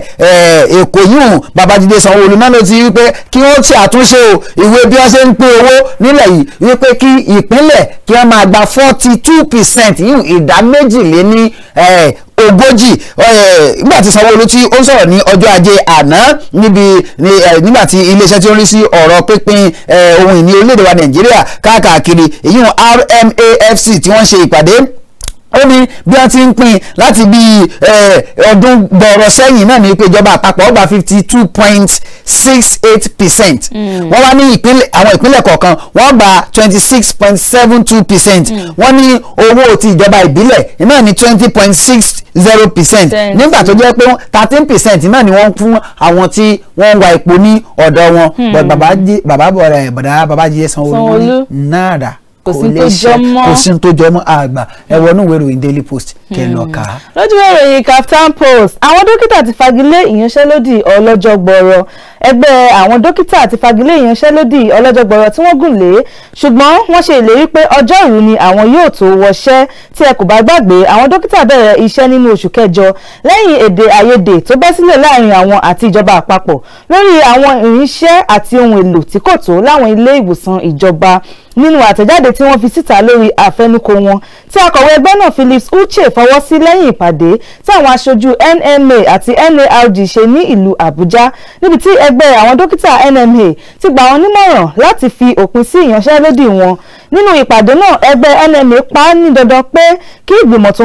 èkó yìí babájídé sanwó-olu náà ló ti wí pé kí wọ́n ti àtúnṣe o ìwé bí wọ́n ṣe ń pín owó nílẹ̀ yìí wí pé kí ìpínlẹ̀ kí wọ́n máa gba forty two percent yìí ìdá méjìléní ogójì nígbà tí sanwó-olu tí ó ń sọ̀rọ̀ ní ọjọ́ ajé àná níbi nígbà tí iléeṣẹ́ tí ó ń rí sí ọ̀rọ̀ pínpín ohun ìní orílẹ̀-èdè wa nàìjíríà káàkiri èyí rmafc tí wọ́n ṣe ìpàdé ó ní bí wọ́n ti ń pín láti bí ọdún gbọ̀ọ̀rọ̀ sẹ́yìn náà ní pé ìjọba àpapọ̀ ó gba fifty two point six eight percent hmm. wọ́n wá ní ìpínlẹ̀ àwọn ìpínlẹ̀ kọ̀ọ̀kan wọ́n gba twenty six point seven two percent hmm. wọ́n ní owó ti ìjọba ìbílẹ̀ náà ní twenty point six zero percent nígbà tó jẹ́ pé thirteen percent náà ni wọ́n fún àwọn tí wọ́n ń wa epo ní ọ̀dọ̀ wọn hmm. bàbá bàbá bàbá Babájídé Sanwó-Olú náírà kò lẹ́sẹ̀ kò sí tó jọ mọ́ àgbà ẹ wọnú ìwé ìròyìn Daily Post kẹ hmm. lọ kà á. lójú ìròyìn Kaftan Post àwọn dókítà ti fagilé ìyanṣẹ́lódì ọlọ́jọ́ gbọ́rọ̀ ẹgbẹ́ àwọn dókítà ti fagilé ìyanṣẹ́lódì ọlọ́jọ́ gbọrọ tí wọ́n gùn lé ṣùgbọ́n wọ́n ṣe ìlérí pé ọjọ́ ìrú ni àwọn yóò tó wọṣẹ́ tí ẹ kò bá gbàgbé àwọn dókítà bẹ̀rẹ̀ iṣẹ́ nínú oṣù kẹjọ lẹ́yìn èdè àìyedè tó bẹ́ sílẹ̀ láàrin àwọn àti ìjọba àpapọ̀ lórí àwọn irinṣẹ́ àti ohun èlò tí kò tó láwọn ilé ìwòsàn ìjọba nínú àtẹ̀jáde tí wọ́n fi síta lórí àfẹnukò wọn tí akọ̀wé ẹgbẹ́ náà Phillips Uche fọwọ́ sí lẹ́yìn ìpàdé tí àwọn aṣojú NMA àti NARD ṣe ní ìlú Àbújá níbi tí ẹ ẹgbẹ́ àwọn dókítà NMA ti gbà wọn nímọ̀ràn láti fi òpin sí ìyanṣẹ́lódì wọn nínú ìpàdé náà ẹgbẹ́ NMA pa á ní dandan pé kí ìgbìmọ̀ tó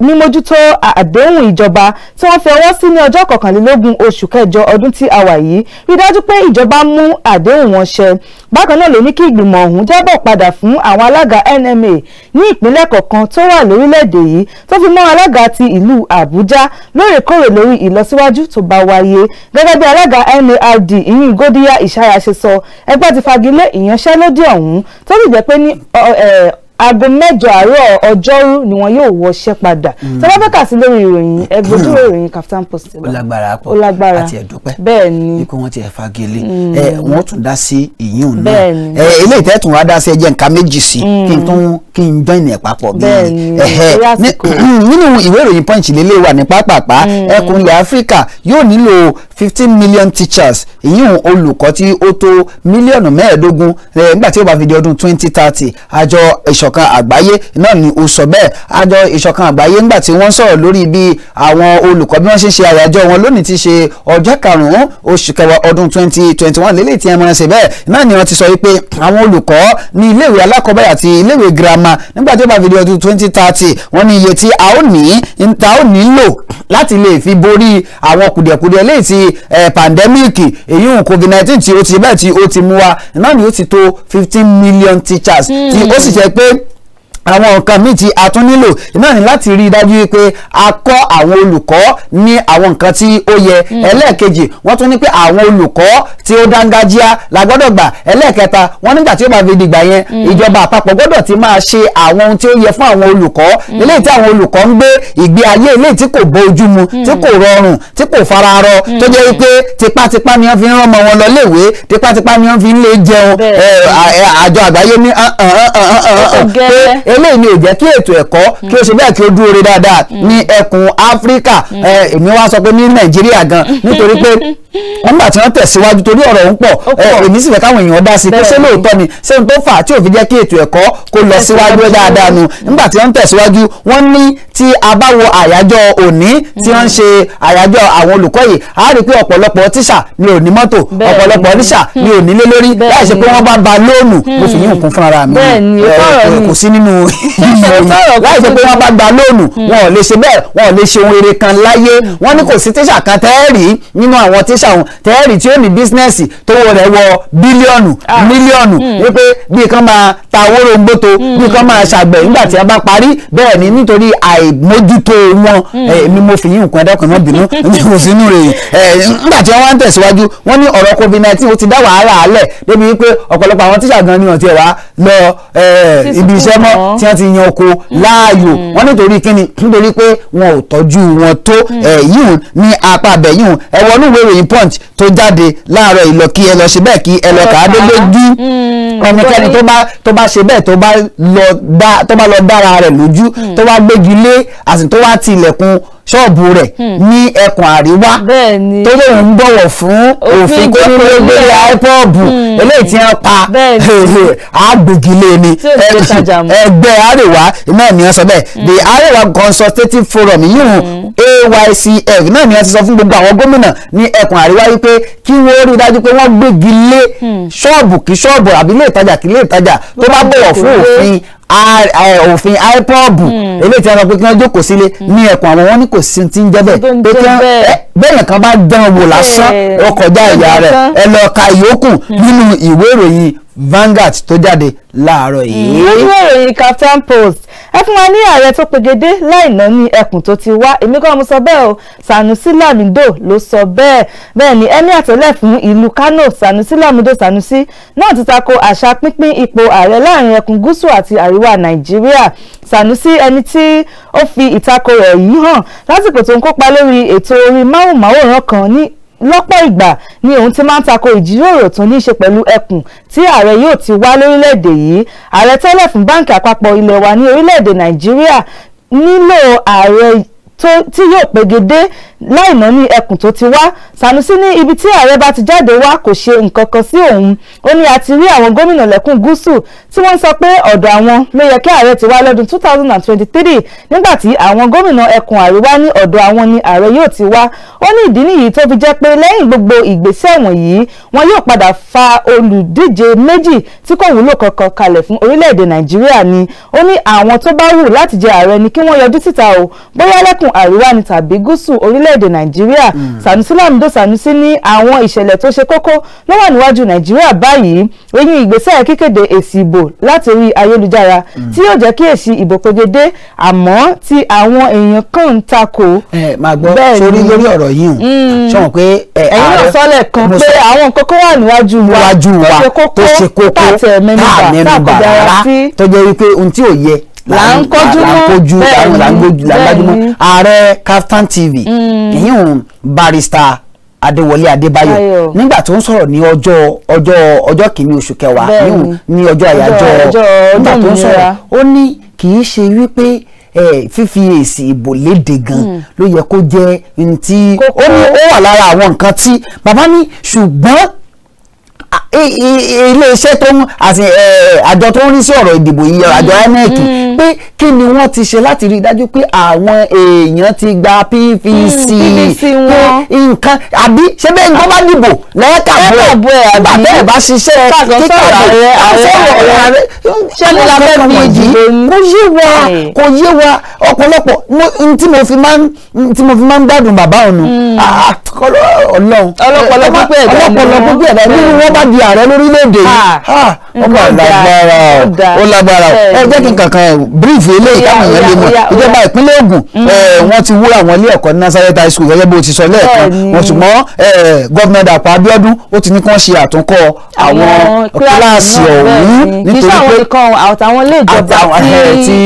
ní mójútó àdéhùn ìjọba tí wọ́n fi ọwọ́ sí ní ọjọ́ kọkànlélógún oṣù kẹjọ ọdún tí a wà yìí rí dájú pé ìjọba mú àdéhùn wọn ṣẹ bákan náà ló ní kí ìgbìmọ̀ ọ̀hún jábọ̀ padà fún àwọn alága NMA ní ìpínlẹ̀ kọ̀ọ̀kan tó wà lórílẹ̀‐èdè yìí tó fi mọ́ alága ti ìlú Àbújá lóòrèkóòrè lórí ìlọsíwájú tó bá wáyé gẹ́gẹ́ bí alága nard ìyún gòdíyà ìṣára ṣe sọ ẹgbẹ́ ti fagilé ìyanṣẹ́lódì ọ̀hún tó sì jẹ́ pé ní aago mẹ́jọ àárọ̀ ọjọ́rú ni wọn yóò wọṣẹ́ padà mm. tí wọ́n bá kà sí lórí ìròyìn ẹgbẹ́júwò ìròyìn Kaftan Post. ó lágbára pọ̀ ó lágbára àti ẹ̀dúpẹ́ bẹ́ẹ̀ ni ikú wọn ti ẹ̀ fagilé mm. ẹ wọ́n tún dá sí ìyún náà bẹ́ẹ̀ ni ẹ ilé ìtẹ́tùn wa dá sí ẹjẹ́ nǹkan méjì sí mm. kí n tún kí n bẹ́ẹ̀ ní ẹ̀ papọ̀ bẹ́ẹ̀ ni nínú ìwé ìròyìn Punch lélẹ̀ wà ní pápápá ẹkùn ilẹ̀ Áfíríkà yóò nílò fifteen million teachers ìyún olùkọ́ tí ó tó mílíọ̀nù mẹ́ẹ̀ẹ́dógún nígbà tí ó bá fi di ọdún twenty thirty àjọ ìṣọ̀ ìṣọ̀kan àgbáyé náà ni ó sọ bẹ́ẹ̀ àjọ ìṣọ̀kan àgbáyé ńgbà tí wọ́n sọ̀rọ̀ lórí bí àwọn olùkọ́ bí wọ́n ṣe ṣe àyájọ́ wọn lónìí ti ṣe ọjọ́ karùn-ún oṣù kẹwàá ọdún twenty twenty one lélẹ́yìí tí ẹ mọ̀ ṣe bẹ́ẹ̀ náà ni wọ́n ti sọ wípé àwọn olùkọ́ ní iléèwé alákọ̀ọ́bẹ̀rẹ̀ àti iléèwé girama nígbà tí ó bá fi di ọdún twenty thirty wọ́n ní iye tí a ó ní ta ó nílò láti lè fi borí pandemic èyí hùn covid nineteen tí ó ti bẹ́ẹ̀ tí ó ti fifteen million teachers hmm. tí ó àwọn nǹkan míì tí a tún nílò náà ni láti rí i dájú pé a kọ́ àwọn olùkọ́ ní àwọn nǹkan tí ó yẹ ẹlẹ́ẹ̀kejì wọ́n tún ní pé àwọn olùkọ́ tí ó dángájíá la gbọ́dọ̀ gbà ẹlẹ́ẹ̀kẹta wọ́n nígbà tí ó bá fi dìgbà yẹn ìjọba àpapọ̀ gbọ́dọ̀ ti máa ṣe àwọn ohun tí ó yẹ fún àwọn olùkọ́ eléyìí tí àwọn olùkọ́ ń gbé ìgbé ayé eléyìí tí kò bójú mu tí kò rọrùn tí kò fararọ tó jẹ́ wípé tipátipá ni wọ́n fi ń rán wọn lọ léèwé tipátipá ni wọ́n fi ń lé jẹun àjọ àgbáyé ní eléyìí ni ò jẹ́ kí ètò ẹ̀kọ́ kí ó ṣe bẹ́ẹ̀ kí ó dúró re dáadáa ní ẹkùn áfíríkà èmi wá sọ pé ní nàìjíríà gan nítorí pé nígbà tí wọ́n tẹ̀síwájú torí ọ̀rọ̀ ń pọ̀ èmi sì fẹ́ káwọn èèyàn dá sí pé ṣé lóòótọ́ ni ṣé n tó fà á tí ò fi jẹ́ kí ètò ẹ̀kọ́ kó lọ síwájú dáadáa nu nígbà tí wọ́n tẹ̀síwájú wọ́n ní tí a bá wo àyájọ́ òní tí wọ́n ń ṣe àyájọ́ àwọn olùkọ́ yìí a rí i pé ọ̀pọ̀lọpọ̀ tíṣà ni ò ní mọ́tò ọ̀pọ̀lọpọ̀ tíṣà ni ò nílé lórí láì ṣe pé wọ́n bá ba lóònù mo fi yín òkun fúnra mi kò sí nínú mọ̀nì láì sọ pé wọ́n bá gba lóònù wọn ò lè ṣe bẹ́ẹ̀ wọn ò lè ṣe ohun rere kan láyé wọ́n ní kò sí tíṣà kan tẹ́ẹ̀rì nínú àwọn tíṣà wọn tẹ́ẹ̀rì tí ó ní bísínẹ́sì tówó rẹ̀ wọ bílíọ̀nù mílíọ̀nù wípé bí kan máa ta owó rògbòtò bí kan máa ṣàgbẹ̀ nígbà tí a bá parí bẹ́ẹ̀ ni nítorí àìmójútó wọn èmi mo fi yín nǹkan ẹ̀dọ́kùn náà bínú mi kò sínú rẹ̀ nígbà tí wọ́n wá ń tẹ̀síwájú wọ́n ní ọ̀rọ̀ covid nineteen ó ti dá wàhálà alẹ̀ débi wípé ọ̀pọ̀lọpọ̀ àwọn tíṣà gan ni wọ́n ti lọ ibi iṣẹ́ mọ́ tí wọ́n ti yan oko láàyò mm. wọ́n nítorí kíni nítorí pé wọn ò tọ́jú wọn tó mm. yíyùn ní apá abẹ yíyùn ẹ wọnú ìwé ìròyìn punch tó jáde láàárọ̀ ìlọ kí ẹ lọ ṣe bẹ́ẹ̀ kí ẹ lọ kà á dé lójú mm. ẹnikẹ́ni tó bá tó bá ṣe bẹ́ẹ̀ tó bá lọ dára rẹ̀ lójú tó bá gbégi lé àti tó wá tilẹ̀kùn ṣọ́ọ̀bù rẹ̀ hmm. ní ẹkùn àríwá tó lè ń bọ̀wọ̀ fún òfin kókóró lórí áìpọ́ọ̀bù hmm. eléyìí tí wọ́n pa àgbègilé ni ẹgbẹ́ àríwá iná ni wọ́n sọ bẹ́ẹ̀ hmm. the àríwá consultative forum yìí AYCF náà ni wọ́n ti sọ fún gbogbo àwọn gómìnà ní ẹkùn àríwá wípé kí wọ́n rí dájú pé wọ́n gbégi lé ṣọ́ọ̀bù kí ṣọ́ọ̀bù àbí ilé ìtajà kí ilé ìtajà tó bá bọ̀wọ̀ fún òfin Eh, òfin ipob hmm. eléyìí tí a sọ pé kí wọ́n jókòó sílé hmm. ní ẹ̀kọ́ àwọn wọn ní kò sí ti ń jẹ́ bẹ́ẹ̀ pé kí wọ́n bẹ́ẹ̀ eh, kan bá dán wò eh, lásán ó kọjá ìyá rẹ̀ ẹ lọ ka ìyókù hmm. nínú ìwé ìròyìn Vanguard tó jáde láàárọ̀ yìí. ìwé ìròyìn Kaftan Post ẹ fún wa ní ààrẹ tó pegedé láìná ní ẹkùn tó ti wá èmi kọ́ mo sọ bẹ́ẹ̀ o Sanusi Lamido ló sọ bẹ́ẹ̀ bẹ́ẹ̀ ni ẹni àtẹ́lẹ̀ fún ìlú Kano Sanusi Lamido Sanusi náà ti tako àṣà pínpín ipò ààrẹ láàrin ẹkùn gúúsù àti àríwá Nàìjíríà Sanusi ẹni tí ó fi ìtakò rẹ̀ yìí hàn lásìkò tó ń kópa lórí ètò orí máwòmáwòrán kan ní lọ́pọ̀ ìgbà ni òun ti máa ń tako ìjíròrò tó ní í ṣe pẹ̀lú ẹkùn tí ààrẹ yóò ti wá lórílẹ̀‐èdè yìí ààrẹ tẹ́lẹ̀ fún báǹkì àpapọ̀ ilẹ̀ wa ní orílẹ̀‐èdè nàìjíríà nílò ààrẹ tí yóò pegedé láìná ní ẹkùn tó ti wá Sanusi ní ibi tí ààrẹ bá ti jáde wá kò ṣe nǹkan kan sí òun ó ní a ti rí àwọn gómìnà lẹ́kùn gúúsù tí wọ́n sọ pé ọ̀dọ̀ àwọn ló yẹ kí ààrẹ ti wá lọ́dún 2023 nígbà tí àwọn gómìnà ẹkùn àríwá ní ọ̀dọ̀ àwọn ni ààrẹ yóò ti wá ó ní ìdí nìyí tó fi jẹ́ pé lẹ́yìn gbogbo ìgbésẹ̀ wọ̀nyí wọn yóò padà fa olùdíje méjì tí kò wúlò kankan kalẹ̀ fún orílẹ̀-èdè nàìjíríà ni ó ní àwọn tó bá wù láti jẹ ààrẹ ni kí wọ́n yọjú síta o bóyá lẹ́kùn àríwá ni tàbí gúúsù orílẹ̀ orílẹ̀-èdè nàìjíríà sanusi lamido sanusi ní àwọn ìṣẹ̀lẹ̀ tó ṣe kókó ló wà níwájú nàìjíríà báyìí eyín ìgbésẹ̀ kíkéde èsì ìbò láti orí ayélujára mm. tí yóò jẹ́ kí èsì ìbò kojede àmọ́ tí àwọn èèyàn kan ń takò. ẹ máa gbọ́ sórí lórí ọ̀rọ̀ yìí hàn sọ̀rọ̀ mm. pé ẹ̀yin náà sọ́lẹ̀ kan pé àwọn kókó wà níwájú wa tó ṣe kókó tá mẹ́nu bà rárá tó jẹ́ wípé ohun tí ò yẹ là ń kojú mọ́ bẹ́ẹ̀ni bẹ́ẹ̀ni ààrẹ Kaftan TV mm. ìyún barista Adéwọlé Adébáyọ̀ nígbà tó ń sọ̀rọ̀ ní ọjọ́ ọjọ́ ọjọ́ kìíní oṣù kẹwàá ìyún ní ọjọ́ àyájọ́ nígbà tó ń sọ̀rọ̀ ó ní kì í ṣe wípé fífi èsì ìbò léde gan mm. ló yẹ kó jẹ́ ntí ó ní ó wà lára àwọn nǹkan tí bàbá ní ṣùgbọ́n iléeṣẹ́ tó ń eh, àjọ tó ń rí sí ọ̀rọ̀ ìdìbò yìí àjọ mm-hmm. INEC pé kí ni wọ́n ti ṣe láti rí i dájú pé àwọn èèyàn ti gba PVC mm, pé nǹkan àbí ṣé bẹ́ẹ̀ nǹkan bá dìbò lẹ́ẹ̀kàbọ̀ ẹ̀ àbí bẹ́ẹ̀ bá ṣiṣẹ́ kíkàrà rẹ̀ àṣọ̀rọ̀ rẹ̀ ṣé ní lábẹ́ mi ìdìbò kò yé wa kò yé wa ọ̀pọ̀lọpọ̀ tí mo fi máa ń gbádùn bàbá ọ̀nà kọ́lọ́ ọlọ́run ọlọ́pọlọ pípẹ́ ẹ̀dá ọlọ́pọlọ pípẹ́ ẹ̀dá nínú wọn bá di ààrẹ lórílẹ̀‐èdè yìí ọkọ̀ lágbára ó lágbára ẹ jẹ́ kí n kankan brief eléyìí táwọn èèyàn lè mọ̀ ìjọba ìpínlẹ̀ Ògùn mm. wọ́n ti wó àwọn ilé ẹ̀kọ́ Nazareth high school gẹ́gẹ́ bó ti sọ lẹ́ẹ̀kan wọ́n ṣùgbọ́n gómìnà Dàpọ̀ Abíọ́dún ó ti ní kí wọ́n ṣe àtúnkọ́ àwọn kíláàsì ọ̀hún nítorí pé àtàwọn ilé ìjọba tí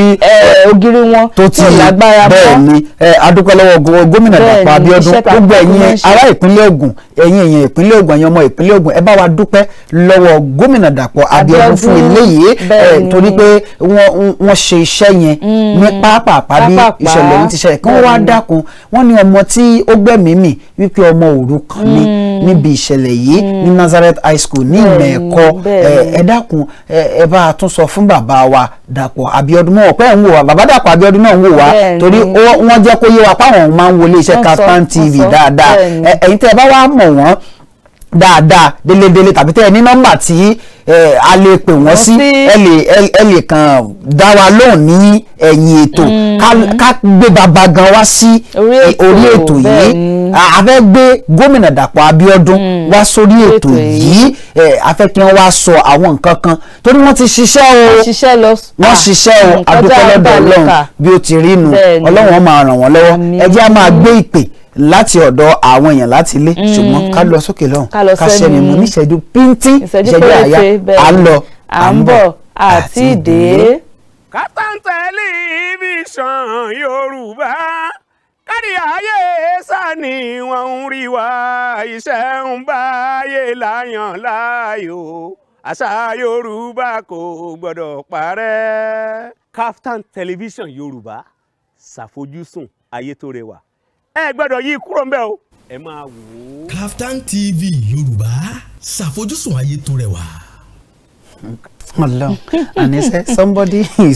ògiri wọn tó ti lágbára mọ́ bẹ́ẹ̀ ni adúpẹ́ lọ́wọ́ gómìnà Dàpọ̀ Abíọ́dún gbogbo ẹ̀yin ará ìpínlẹ̀ Ògùn ẹ̀yin èèyàn ìpínlẹ̀ Ògùn ẹ̀yin ọmọ ìpínlẹ̀ Ògùn ẹ bá wa dúpẹ́ lọ́wọ́ gómìnà Dàpọ̀ Abíọ́dún fún eléyìí torí pé wọ́n ṣe iṣẹ́ yẹn mm. ní pápápá bí ìṣẹ̀lẹ̀ yìí ti ṣẹlẹ̀ kí wọ́n wá dákun wọ́n ní ọmọ tí ó gbẹ̀mí mì wípé ọmọ òrukàn ni mm. Mm. níbi ìṣẹ̀lẹ̀ yìí mm. ní Nazareth High School ní ìmọ̀ ẹ̀kọ́ ẹ dákun ẹ bá a tún sọ fún bàbá wa Dàpọ̀ Abíọ́dún mọ́ ọ̀pẹ́ ẹ̀ ń wò wá bàbá Dàpọ̀ Abíọ́dún náà ń wò wá torí wọ́n jẹ́ kó yé wa páwọn máa ń wọlé iṣẹ́ Kaftan TV dáadáa ẹ̀yin tẹ́ ẹ bá wá mọ̀ wọ́n dáadáa délédélé tàbí tẹ́ ẹ ní nọ́mbà tí a lè pè wọ́n sí ẹ lè kàn dá wa lóhùn ní ẹ̀yìn ètò mm. ká gbé bàbá gan wá sí orí ètò yìí a fẹ́ gbé gómìnà Dàpọ̀ abiodun mm. wá sórí ètò yìí a fẹ́ kí wọ́n wá sọ àwọn nǹkan kan torí wọ́n ti ṣiṣẹ́ o wọ́n ṣiṣẹ́ o adúpẹ́ Ọlọ́run bí ó ti rí nu Ọlọ́run ó máa ràn wọ́n lọ́wọ́ ẹ jẹ́ á máa gbé ìpè láti ọ̀dọ̀ àwọn èèyàn láti ilé mm. ṣùgbọ́n ká lọ sókè lọ́hùn ká ṣẹ́ni mu níṣẹ́jú píntín ìṣẹ́jú àyà à ń lọ à ń bọ̀ àti dé. kátàntẹ́lì Tẹlifíṣàn Yorùbá kárí ayé sani wọn ń rí wa iṣẹ́ ń bá ayé láyàn láàyò àṣà Yorùbá kò gbọ́dọ̀ parẹ́. Kaftan Television Yorùbá ṣàfojúsùn ayé tó rẹwà ẹ gbọ́dọ̀ yí kúrò ńbẹ̀ o. ẹ máa wò ó. Kaftan TV Yorùbá ṣàfojúsùn ayé tó rẹwà. Ọlọ́run and he said somebody somebody hmm.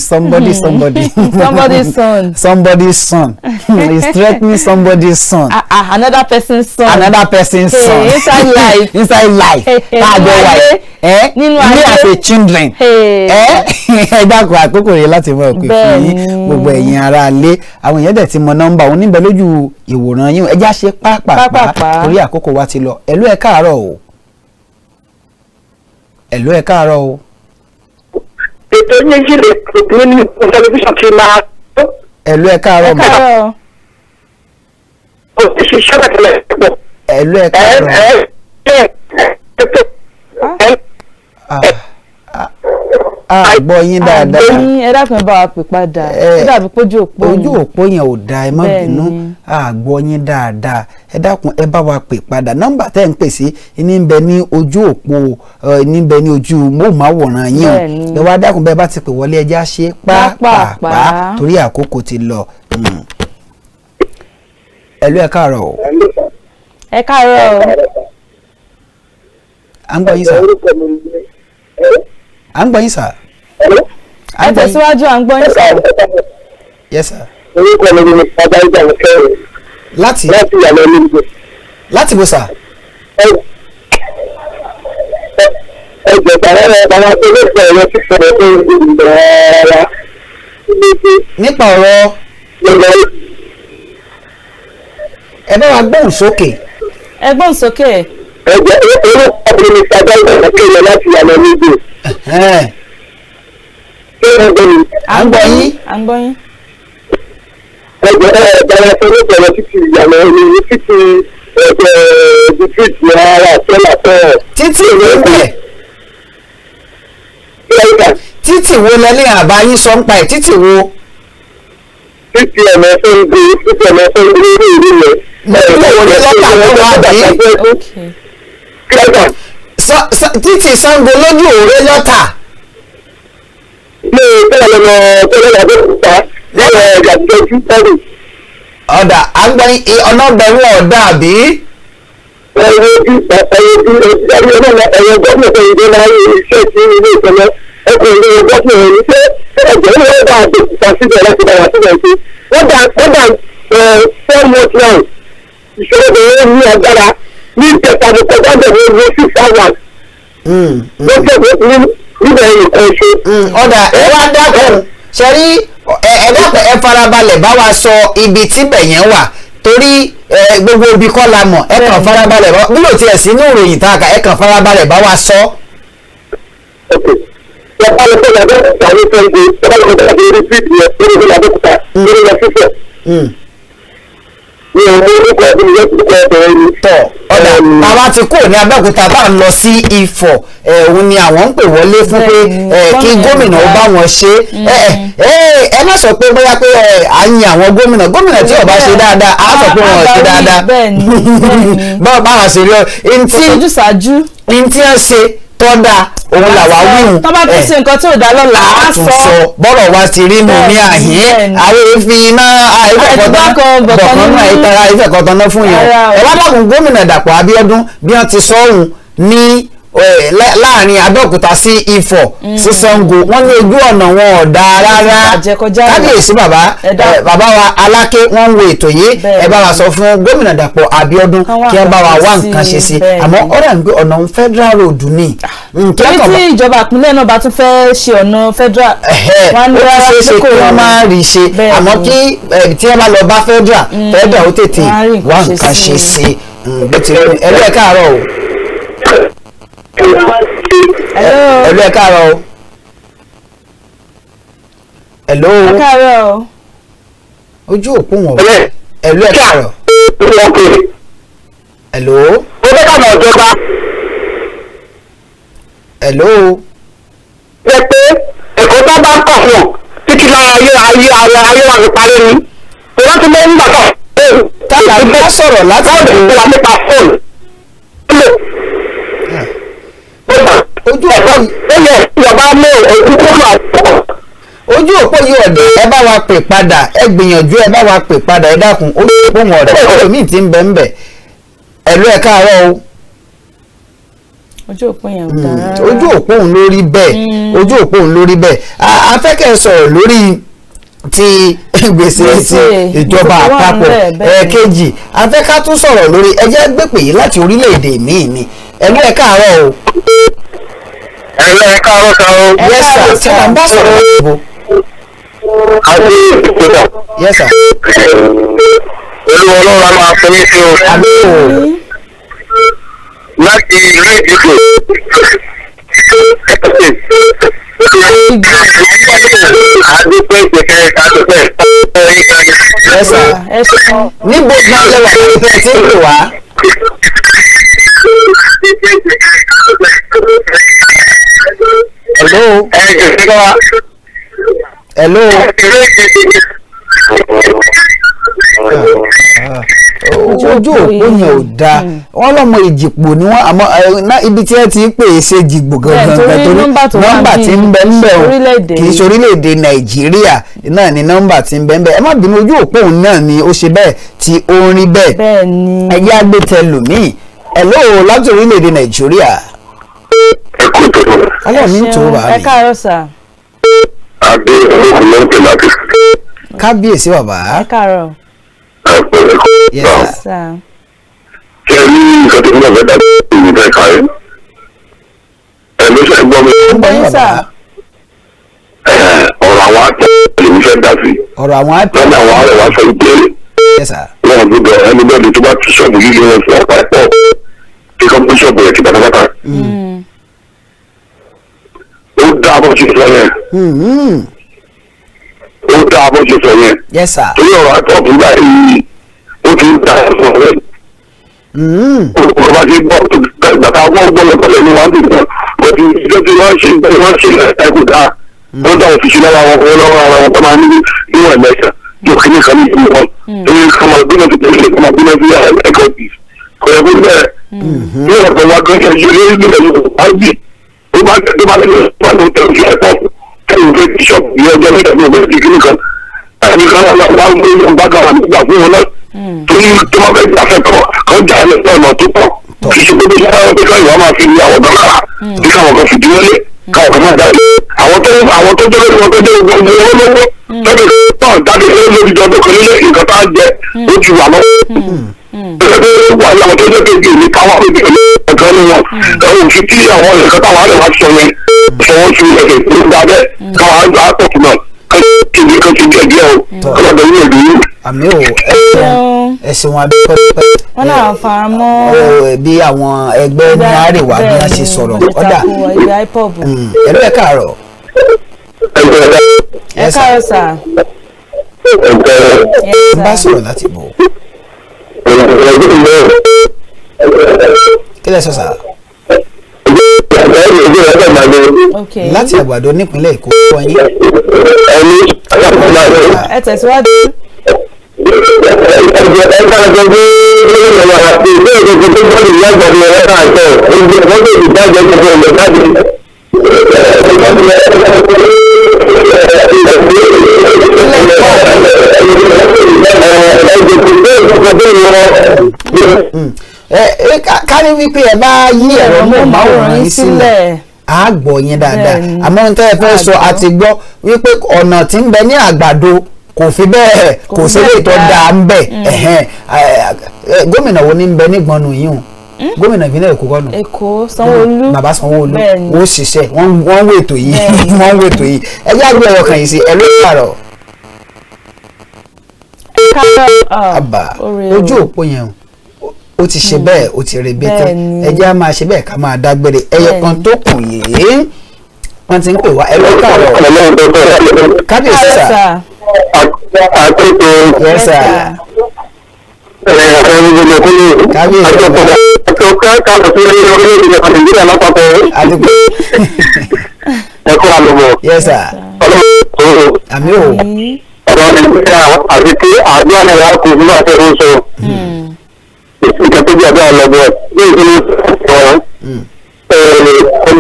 somebody. somebody's son. somebody's son. he's threatening somebody's son. Uh, uh, another person's son. another person's hey, son. inside life. inside life. tààjọ wáyé Eh. nínú ayé as a children. ẹ eh? ẹ dákun àkókò rẹ láti mọ òkè fún yín gbogbo ẹ̀yin ará ilé àwọn èèyàn dẹ̀ ti mọ nọ́mbà òun níbẹ̀ lójú ìwòran yín ẹjẹ́ àṣẹ pàápàá torí àkókò wa ti lọ ẹ̀lú ẹ̀ káàárọ̀ o ẹ̀lú ẹ̀ káàárọ̀ o ètò méjì lè pèpè ní tẹlifíṣàn ti máa tó. ẹ̀lú ẹ̀ káàárọ̀ mọ́. kò sí ṣiṣẹ́ bàtẹ́lẹ̀ pọ̀. ẹ̀lú ẹ̀ káàárọ̀. ẹ̀ ẹ̀ ẹ̀ ẹ̀ àgbọ̀ ah, ah, yín ah, dáadáa àgbọ̀ yín ẹ dákun ẹ bá wa pè padà eh, eh, ẹ dàbí pójú òpó yín ojú òpó yẹn ò da ẹ má bínú àgbọ̀ yín dáadáa ẹ dákun ẹ bá wa pè padà nọ́mbà tẹ́ ń pè sí ní ń bẹ ní ojú òpó ní ń bẹ ní ojú móhùnmáwòrán yín o ẹ wá dákun bẹ́ẹ̀ bá ti pè wọlé ẹjẹ́ á ṣe pàápàá torí àkókò ti lọ. ẹ̀lú hmm. ẹ̀ káàárọ̀ o. ẹ káàárọ̀ o. à ń gbọ́ yín sọ à ń gbọ́ yín sà. ẹ tẹ̀síwájú à ń gbọ́ yín sà. yes sir. orúkọ mi ni ọ̀gáyíjà ní kẹrin. láti láti ìyàlẹ́ ní ìgbẹ́. láti wo sà. ẹgbẹ̀ta rẹ̀ bàbá tó lè fẹ́ ẹ̀rọ tí sọ̀rọ̀ tó ń rárá. nípa ọ̀rọ̀. ẹ bá wa gbóhùn sókè. ẹ gbóhùn sókè. ẹgbẹ́ orúkọ mi ni ọ̀gáyíjà ní kẹrin láti ìyàlẹ́ ní ìgbẹ́ à ń gbọ́ yín. àbá yín sọ ń pa ẹ̀ títí wo. títí ọ̀nà ẹ̀fẹ́ ń gbé títí ọ̀nà ẹ̀fẹ́ ń gbé ní ìlú rẹ̀. mo ní ìwé lọ́kà lọ́wọ́ àbí títì Ṣàngó lójú òòrè lọ́tà. ilé ìpínlẹ̀ lọ́mọ tẹ́lẹ̀ làbẹ́òkúta lọ́wọ́ ẹ̀dà tẹ́jú tẹ́lẹ̀. ọ̀dà agbẹ́rin ọ̀nàgbẹ́rin ọ̀dà àbí. ẹ̀yẹ ojú ẹ̀yẹ ojú ẹ̀yẹ ọ̀nà ẹ̀yẹ gọ́ọ̀mù tó yẹ náà yẹ iṣẹ́ sí ilé ìpínlẹ̀ ẹ̀kọ́ ilé gọ́ọ̀mù ẹ̀yẹ iṣẹ́ ẹ̀jẹ̀ ló wọ́n bá àgbẹ̀kúta síbẹ̀ láti bá wà síbẹ̀ sí. wọ́n dà wọ́n dà ní ìtẹ̀ta kọjá bẹ̀rẹ̀ ní six hours. lọ́sẹ̀ tó ní níbẹ̀ nǹkan ṣe. ọ̀dà ẹ wá dákun ṣe ẹ dákun ẹ farabalẹ̀ bá wa sọ ibi tíbẹ̀ yẹn wà torí gbogbo ibi kọ́ la mọ̀ ẹ kàn farabalẹ̀ bá bí lóòótọ́ sí ní ìròyìn tá a kà ẹ kàn farabalẹ̀ bá wa sọ. ọ̀pọ̀lọpọ̀ ìyàgbẹ́ ìyàwó sẹ́ńgbẹ́ ọ̀pọ̀lọpọ̀ ìyàgbẹ́ ìrẹsì ìyẹn lórí ìyàgbẹ́ kúta lórí ìyàgbẹ́ fífẹ́ mi ò ní orúkọ ẹbí mi yóò kúkọ ọkùnrin mi. ọ̀dà àwa ti kò ní abẹ́òkúta bá ń lọ sí ifọ̀ òun ni àwọn ń pè wọlé fún pé kí gómìnà ó bá wọn ṣe mm. ẹ má sọ pé bóyá pé à ń yin àwọn gómìnà gómìnà tí ó bá ṣe dáadáa á sọ pé wọn ò ṣe dáadáa báwo bá wọn ṣe lọ ntí ntí ẹ ṣe tọ́dà òun làwa wíhun tọ́ba tún sí nǹkan tí ò dá lọ́la á sọ bọ́rọ̀ wa ti rí mu ní àhín àwọn èéfín iná àìfẹ̀kọ̀tán bọ̀kànnà ìtara àìfẹ̀kọ̀tán náà fún yẹn ẹ̀ wá dàgùn gómìnà Dàpọ̀ Abíọ́dún bí wọ́n ti sọ òun ní Eh, láàrin abẹ́òkúta sí ifọ̀ mm. sí Ṣàngó wọ́n ní ojú ọ̀nà wọn ò dáa rárá kábíyèsí bàbá eh, bàbá wa aláké wọ́n ń wo ètò yìí ẹ bá wa sọ fún gómìnà dàpọ̀ abiodun kí wọ́n bá wa wá nǹkan ṣe sí àmọ́ ó dà nígbè ọ̀nà federal road ni. torí ah. tí ìjọba ìpínlẹ̀ náà bá tún fẹ́ ṣe ọ̀nà federal wọn ní wọ́n ṣe kó wọ́n máa rí ṣe àmọ́ kí eh, tí wọ́n bá lọ bá federal mm. federal ó tètè wá nǹkan ṣe sí mm, i ẹgbẹ́ káàárọ̀ o ẹ̀lú ẹ̀ káàárọ̀ o. ẹ̀lú o. ẹ̀ káàárọ̀ o. ojú òpó wọn. ẹ̀lú ẹ̀ káàárọ̀. ẹ̀lú o. mo fẹ́ kàmọ̀ ọ̀jọba. ẹ̀lú o. ṣe pé ẹ̀kọ́ tó bá ń kọ̀ fún ọ títí lọ ayé ayé ayé ayé wa fi parí ni. ìwé tí mo ń gbà kọ̀. tàbí ká sọ̀rọ̀ láti. wọ́n ti sọ̀rọ̀ nípa fóònù ojú òpó yìí. ó yẹ ìjọba mú òkúkú máa pọ̀. ojú òpó yìí ọ̀dẹ̀ ẹ bá wa pè padà ẹ gbìyànjú ẹ bá wa pè padà ẹ dákun ojú òpó wọn ọ̀dẹ̀ ẹlòmíì ti ń bẹ ń bẹ ẹ̀lú ẹ̀ káàárọ̀ o. ojú òpó yẹn ò hmm, dára. ojú òpó òun ló rí bẹ́ẹ̀ hmm. ojú òpó òun ló rí bẹ́ẹ̀ afẹ́kẹ́ sọ̀rọ̀ lórí ti gbèsè sí ìjọba àpapọ̀ ẹ̀ẹ̀kejì afẹ́ká tún sọ̀rọ̀ lórí ẹjẹ́ gbèpè yìí láti orílẹ̀-èdè míì ni ẹ̀lú ẹ̀ káàárọ̀ o ẹ̀rọ ẹ̀ka ọ̀sán o. yes sir sir n bá sọ̀rọ̀ òyìnbó. àti ìpínlẹ̀. yes sir. olúwa ọlọ́run a máa fún yín sí o. láti ìlú ìdìbò. Adúpẹ́ ìpèkẹ́ adúpẹ́ ìpàdé. Ẹ sọ níbo gan wà nípa ẹ tí ń lò wá? Hello. Hello. ojú òpó yẹn ò hmm. wọn lọmọ ìjìpò ni wọn ibi tí ẹ ti ń pè é ṣe gangan torí ń bẹ ńbẹ o ṣe orílẹ̀-èdè nàìjíríà náà ni ń bẹ ńbẹ ẹ má bínú ojú òpó òun náà ni ó ṣe tí ó ń rí láti orílẹ̀ ọlọ́run ní tòun bàbá mi. ẹ káàárọ̀ sà. adé olókùn ló ń pè láti. kábíyèsí bàbá. ẹ káàárọ̀. ẹ pẹ̀lẹ́ kó sà. kí ẹ ní nǹkan tó ń bọ̀ fẹ́ẹ́ dàbí ìlú fẹ́ ká ẹ. ẹ ló ṣe gbọ́ mi. ń bọ̀ yín sà. ọ̀rọ̀ àwọn àtẹ lèmi fẹ́ dà sí. ọ̀rọ̀ àwọn àtẹ. lọ́nà àwọn àrẹ̀ wá sọ pé. lọ́nà gbogbo ẹni bẹ́ẹ̀ ni tó bá tú ṣọ́ọ̀bù yìí lé wọn fún ọ̀pá ẹ̀pọ̀ kíkọ́ bíṣọ̀bù rẹ̀ ti pátápátá ṣe sọ yẹn hmm. ó dáa bó ṣe sọ yẹn torí ọ̀rọ̀ àtọ́kù báyìí ó ti ń da ẹ̀sùn rẹ̀ olùkọ́ba ti gbọ́ bàtà wọ́n gbọ́ lọ́pọ̀lọ́ ní wọ́n ti gbọ́ bọ́tí ìjọ tí wọ́n ṣe ìgbẹ́ wọ́n ṣe ẹ̀kú dáa hmm. wọ́n dá òfìsí lọ́wọ́ àwọn ọkọ̀ lọ́wọ́ ara wọn tó ní níwọ̀n ẹ̀mẹ́ta ní kan kan ní ọ̀pọ̀ ẹ̀sìn wọn abẹ́pẹ́pẹ́. wọn náà fara mọ́. Eh, bí àwọn ẹgbẹ́ ní àríwá bí wọ́n ṣe sọ̀rọ̀ ọ̀dà ẹ̀rọ mm. ẹ̀ káàárọ̀. ẹ káàárọ̀ sà. n bá sọ̀rọ̀ láti bọ̀. kí lẹ sọ sà. láti àgbàdo nípínlẹ̀ Èkó fún yín. ẹ tẹ̀síwájú ẹ̀jẹ̀ ẹ̀gbọ́dọ̀ gbé lórí ẹ̀yà àti ìgbé ìgbésẹ̀ tó gbọ́dọ̀ ìyá ìgbàdì ẹ̀rọ náà tẹ̀ ẹ̀jẹ̀ gbọ́dọ̀ ìdájọ́ ìgbàdì ẹ̀rọ jáde. ká ní wípé ẹ bá yí ẹ̀rọ mọ́wòrán yín sílẹ̀ a gbọ́ yín dáadáa àmọ́ n tẹ́ ẹ fẹ́ sọ àti gbọ́ wípé ọ̀nà tí ń bẹ ní àgbàdo kò fi bẹ́ẹ̀ kò sílé ìtọ́ dáa ń bẹ̀ mm. gómìnà wo ni ń bẹ nígbọ̀nù yìí o hmm? gómìnà ìpínlẹ̀ èkó kọ́nù èkó sanwó-olú hmm, bàbá sanwó-olú wọ́n ṣiṣẹ́ wọ́n ń wètò yìí wọ́n ń wètò yìí ẹ jẹ́ àgbẹ̀ ẹ̀rọ kan yìí sí ẹ ló pààrọ̀. Ah, àbà ojú òpó yẹn o ti ṣe hmm. bẹ́ẹ̀ o ti rè bẹ́ẹ̀ tán ẹ jẹ́ á máa ṣe bẹ́ẹ̀ ká máa dágbére ẹyọ kan tó kù yìí wọ́n ti ń pè wá ẹ ló pààrọ̀ kábíyèsí sà àkókò ẹ̀sà kábíyèsí àtọ̀kọ́ kálọ̀ sí orílẹ̀-èdè nàìjíríà lápapọ̀ ẹ̀kọ́ àlùmọ̀ yẹ́sà àmì ò. ọ̀rọ̀ nàìjíríà àti kí àdúrà náírà kù nínú àti ẹ̀rọ sọ nǹkan tó jẹ́ àdúrà lọ́gbọ̀ọ́ ní ìpínlẹ̀ ọ̀rọ̀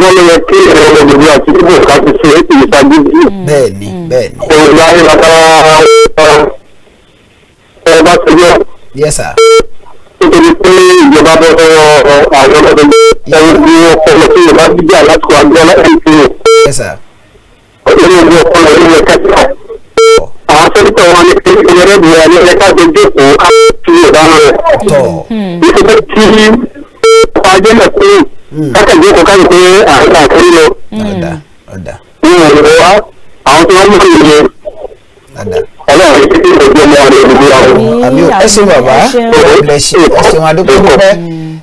kọ́ ló yẹ kí ẹ̀rọ ọmọbìnrin àti kí ká ti ṣe é kìí ṣáájú jù. bẹ́ẹ̀ni bẹ́ẹ̀ni. òun ni ayé bàtà ẹ bá ṣe yọ. yes nítorí pé ìjọba bọ́ sọ́wọ́ àwọn ọmọbìnrin ẹni tí wọ́n kọ́ lọ sí ìjọba jíjà láti wà láti fi hàn. yes sir. ó ní ọkọ lọ nínú kẹta. àwọn sọ́dọ̀ wọn ní pé ìrẹ́bìnrin ẹni ẹ̀ka tó kákan jókòó káyì pé àìsàn àkórí lọ. nínú ìlú wa àwọn tí wọ́n mú kí ìlú ọlọ́run ti ti ìgbẹ́jọ́ mọ́ ọ̀rẹ́ ìlú wa. ẹ ṣe bàbá ẹ ṣe ẹ ṣe wọn adúgbò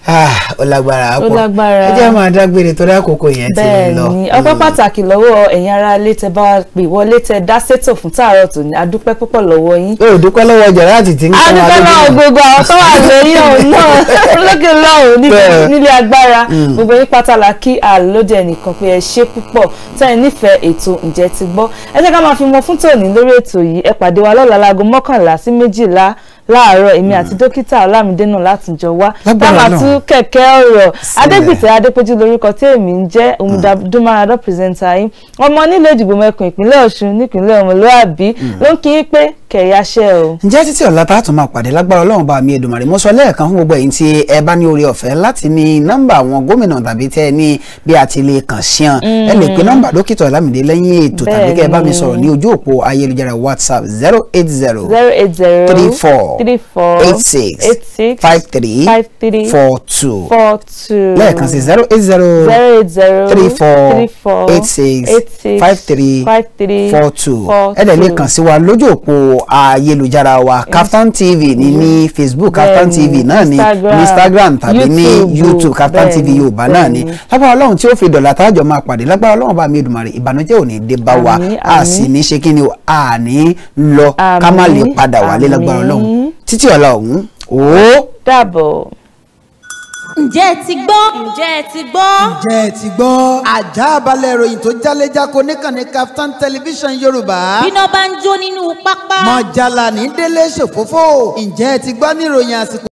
Ah, ó lágbára pọ̀ ó lágbára ẹ jẹ́ máa dágbére torí àkókò yẹn ti ń lọ. bẹ́ẹ̀ni ọpẹ́ hmm. pàtàkì lọ́wọ́ ẹ̀yin ará ilé tẹ́ bá pè wọlé tẹ́ dá sétò fún tààrọ̀ tòní adúpẹ́ púpọ̀ lọ́wọ́ yín. o dúpẹ́ lọ́wọ́ jàrá àti tí ń kọ́ wa lójú. adúpẹ́ lọ́wọ́ gbogbo àwọn tó wà lóyún òun náà lókè lọ́hùn nílé agbára hmm. gbogbo yín pátá la kí àlójẹ nìkan pé ẹ ṣe púpọ̀ tẹ́yìn nífẹ̀ẹ́ ètò ǹjẹ́ ti gbọ́ ẹ jẹ́ ká máa fi mọ fún tòní lórí ètò yìí ẹ pàdé wa lọ́la láago mọ́kànlá sí méjìlá láàárọ̀ èmi àti hmm. dókítà Ọlámídé náà látijọ́ wá táwọn àti kẹ̀kẹ́ ọ̀rọ̀ adégbìtẹ́ adépẹ́jú lórúkọ tí èmi ń jẹ́ òmùdàdúmáradọ́ pírẹsẹ̀ntà yín ọmọ nílé ìdìbò mẹ́kùn ìpínlẹ̀ ọ̀ṣun nípínlẹ̀ ọmọlúwàbí mm. ló ń kí pé kẹ̀yàṣẹ́ o. ǹjẹ́ títí ọ̀la tá a tún máa pàdé lágbára ọlọ́run bá mi Èdùmàrè mo sọ lẹ́ẹ̀kan fún gbogbo ẹ̀yin tí ẹ bá ní oore ọ̀fẹ́ láti ní nọ́mbà àwọn gómìnà tàbí tẹ́ ẹ ní bí a ti lè kàn sí hàn ẹ lè pe mm. nọ́mbà dókítà Ọlámídé lẹ́yìn ètò tàbí kẹ́ ẹ bá mi sọ̀rọ̀ ní ojú òpó ayélujára WhatsApp zero eight zero zero eight zero three four three four eight six eight six five three five three four two four two lẹ́ẹ̀kan sí zero eight zero zero eight zero three four three four eight six eight six five three five three four two ẹ lè lè kàn sí wa lójú òpó ayélujára wa Captain TV ni ni Facebook Captain TV náà ni Instagram tàbí ni YouTube Captain TV Yorùbá náà ní lágbára Ọlọ́run tí ó fi dọ̀là tájọ máa pàdé lágbára Ọlọ́run bá mi Èdùmàrè ìbànújẹ́ ò ní dé bá wa a sì ní ṣe kí ni a ní lọ ká má lè padà wálé lágbára Ọlọ́run títí ọ̀la ọ̀hún dàbọ̀ ǹjẹ́ ẹ ti gbọ́. ǹjẹ́ ẹ ti gbọ́. ǹjẹ́ ẹ ti gbọ́. àjà abalẹ̀ ìròyìn tó jáléjáko níkànnì Kaftan television yorùbá. bíná bá ń jó nínú pápá. mọ̀jálà ní délé ṣòfófó. ǹjẹ́ ẹ ti gbọ́ níròyìn àsìkò.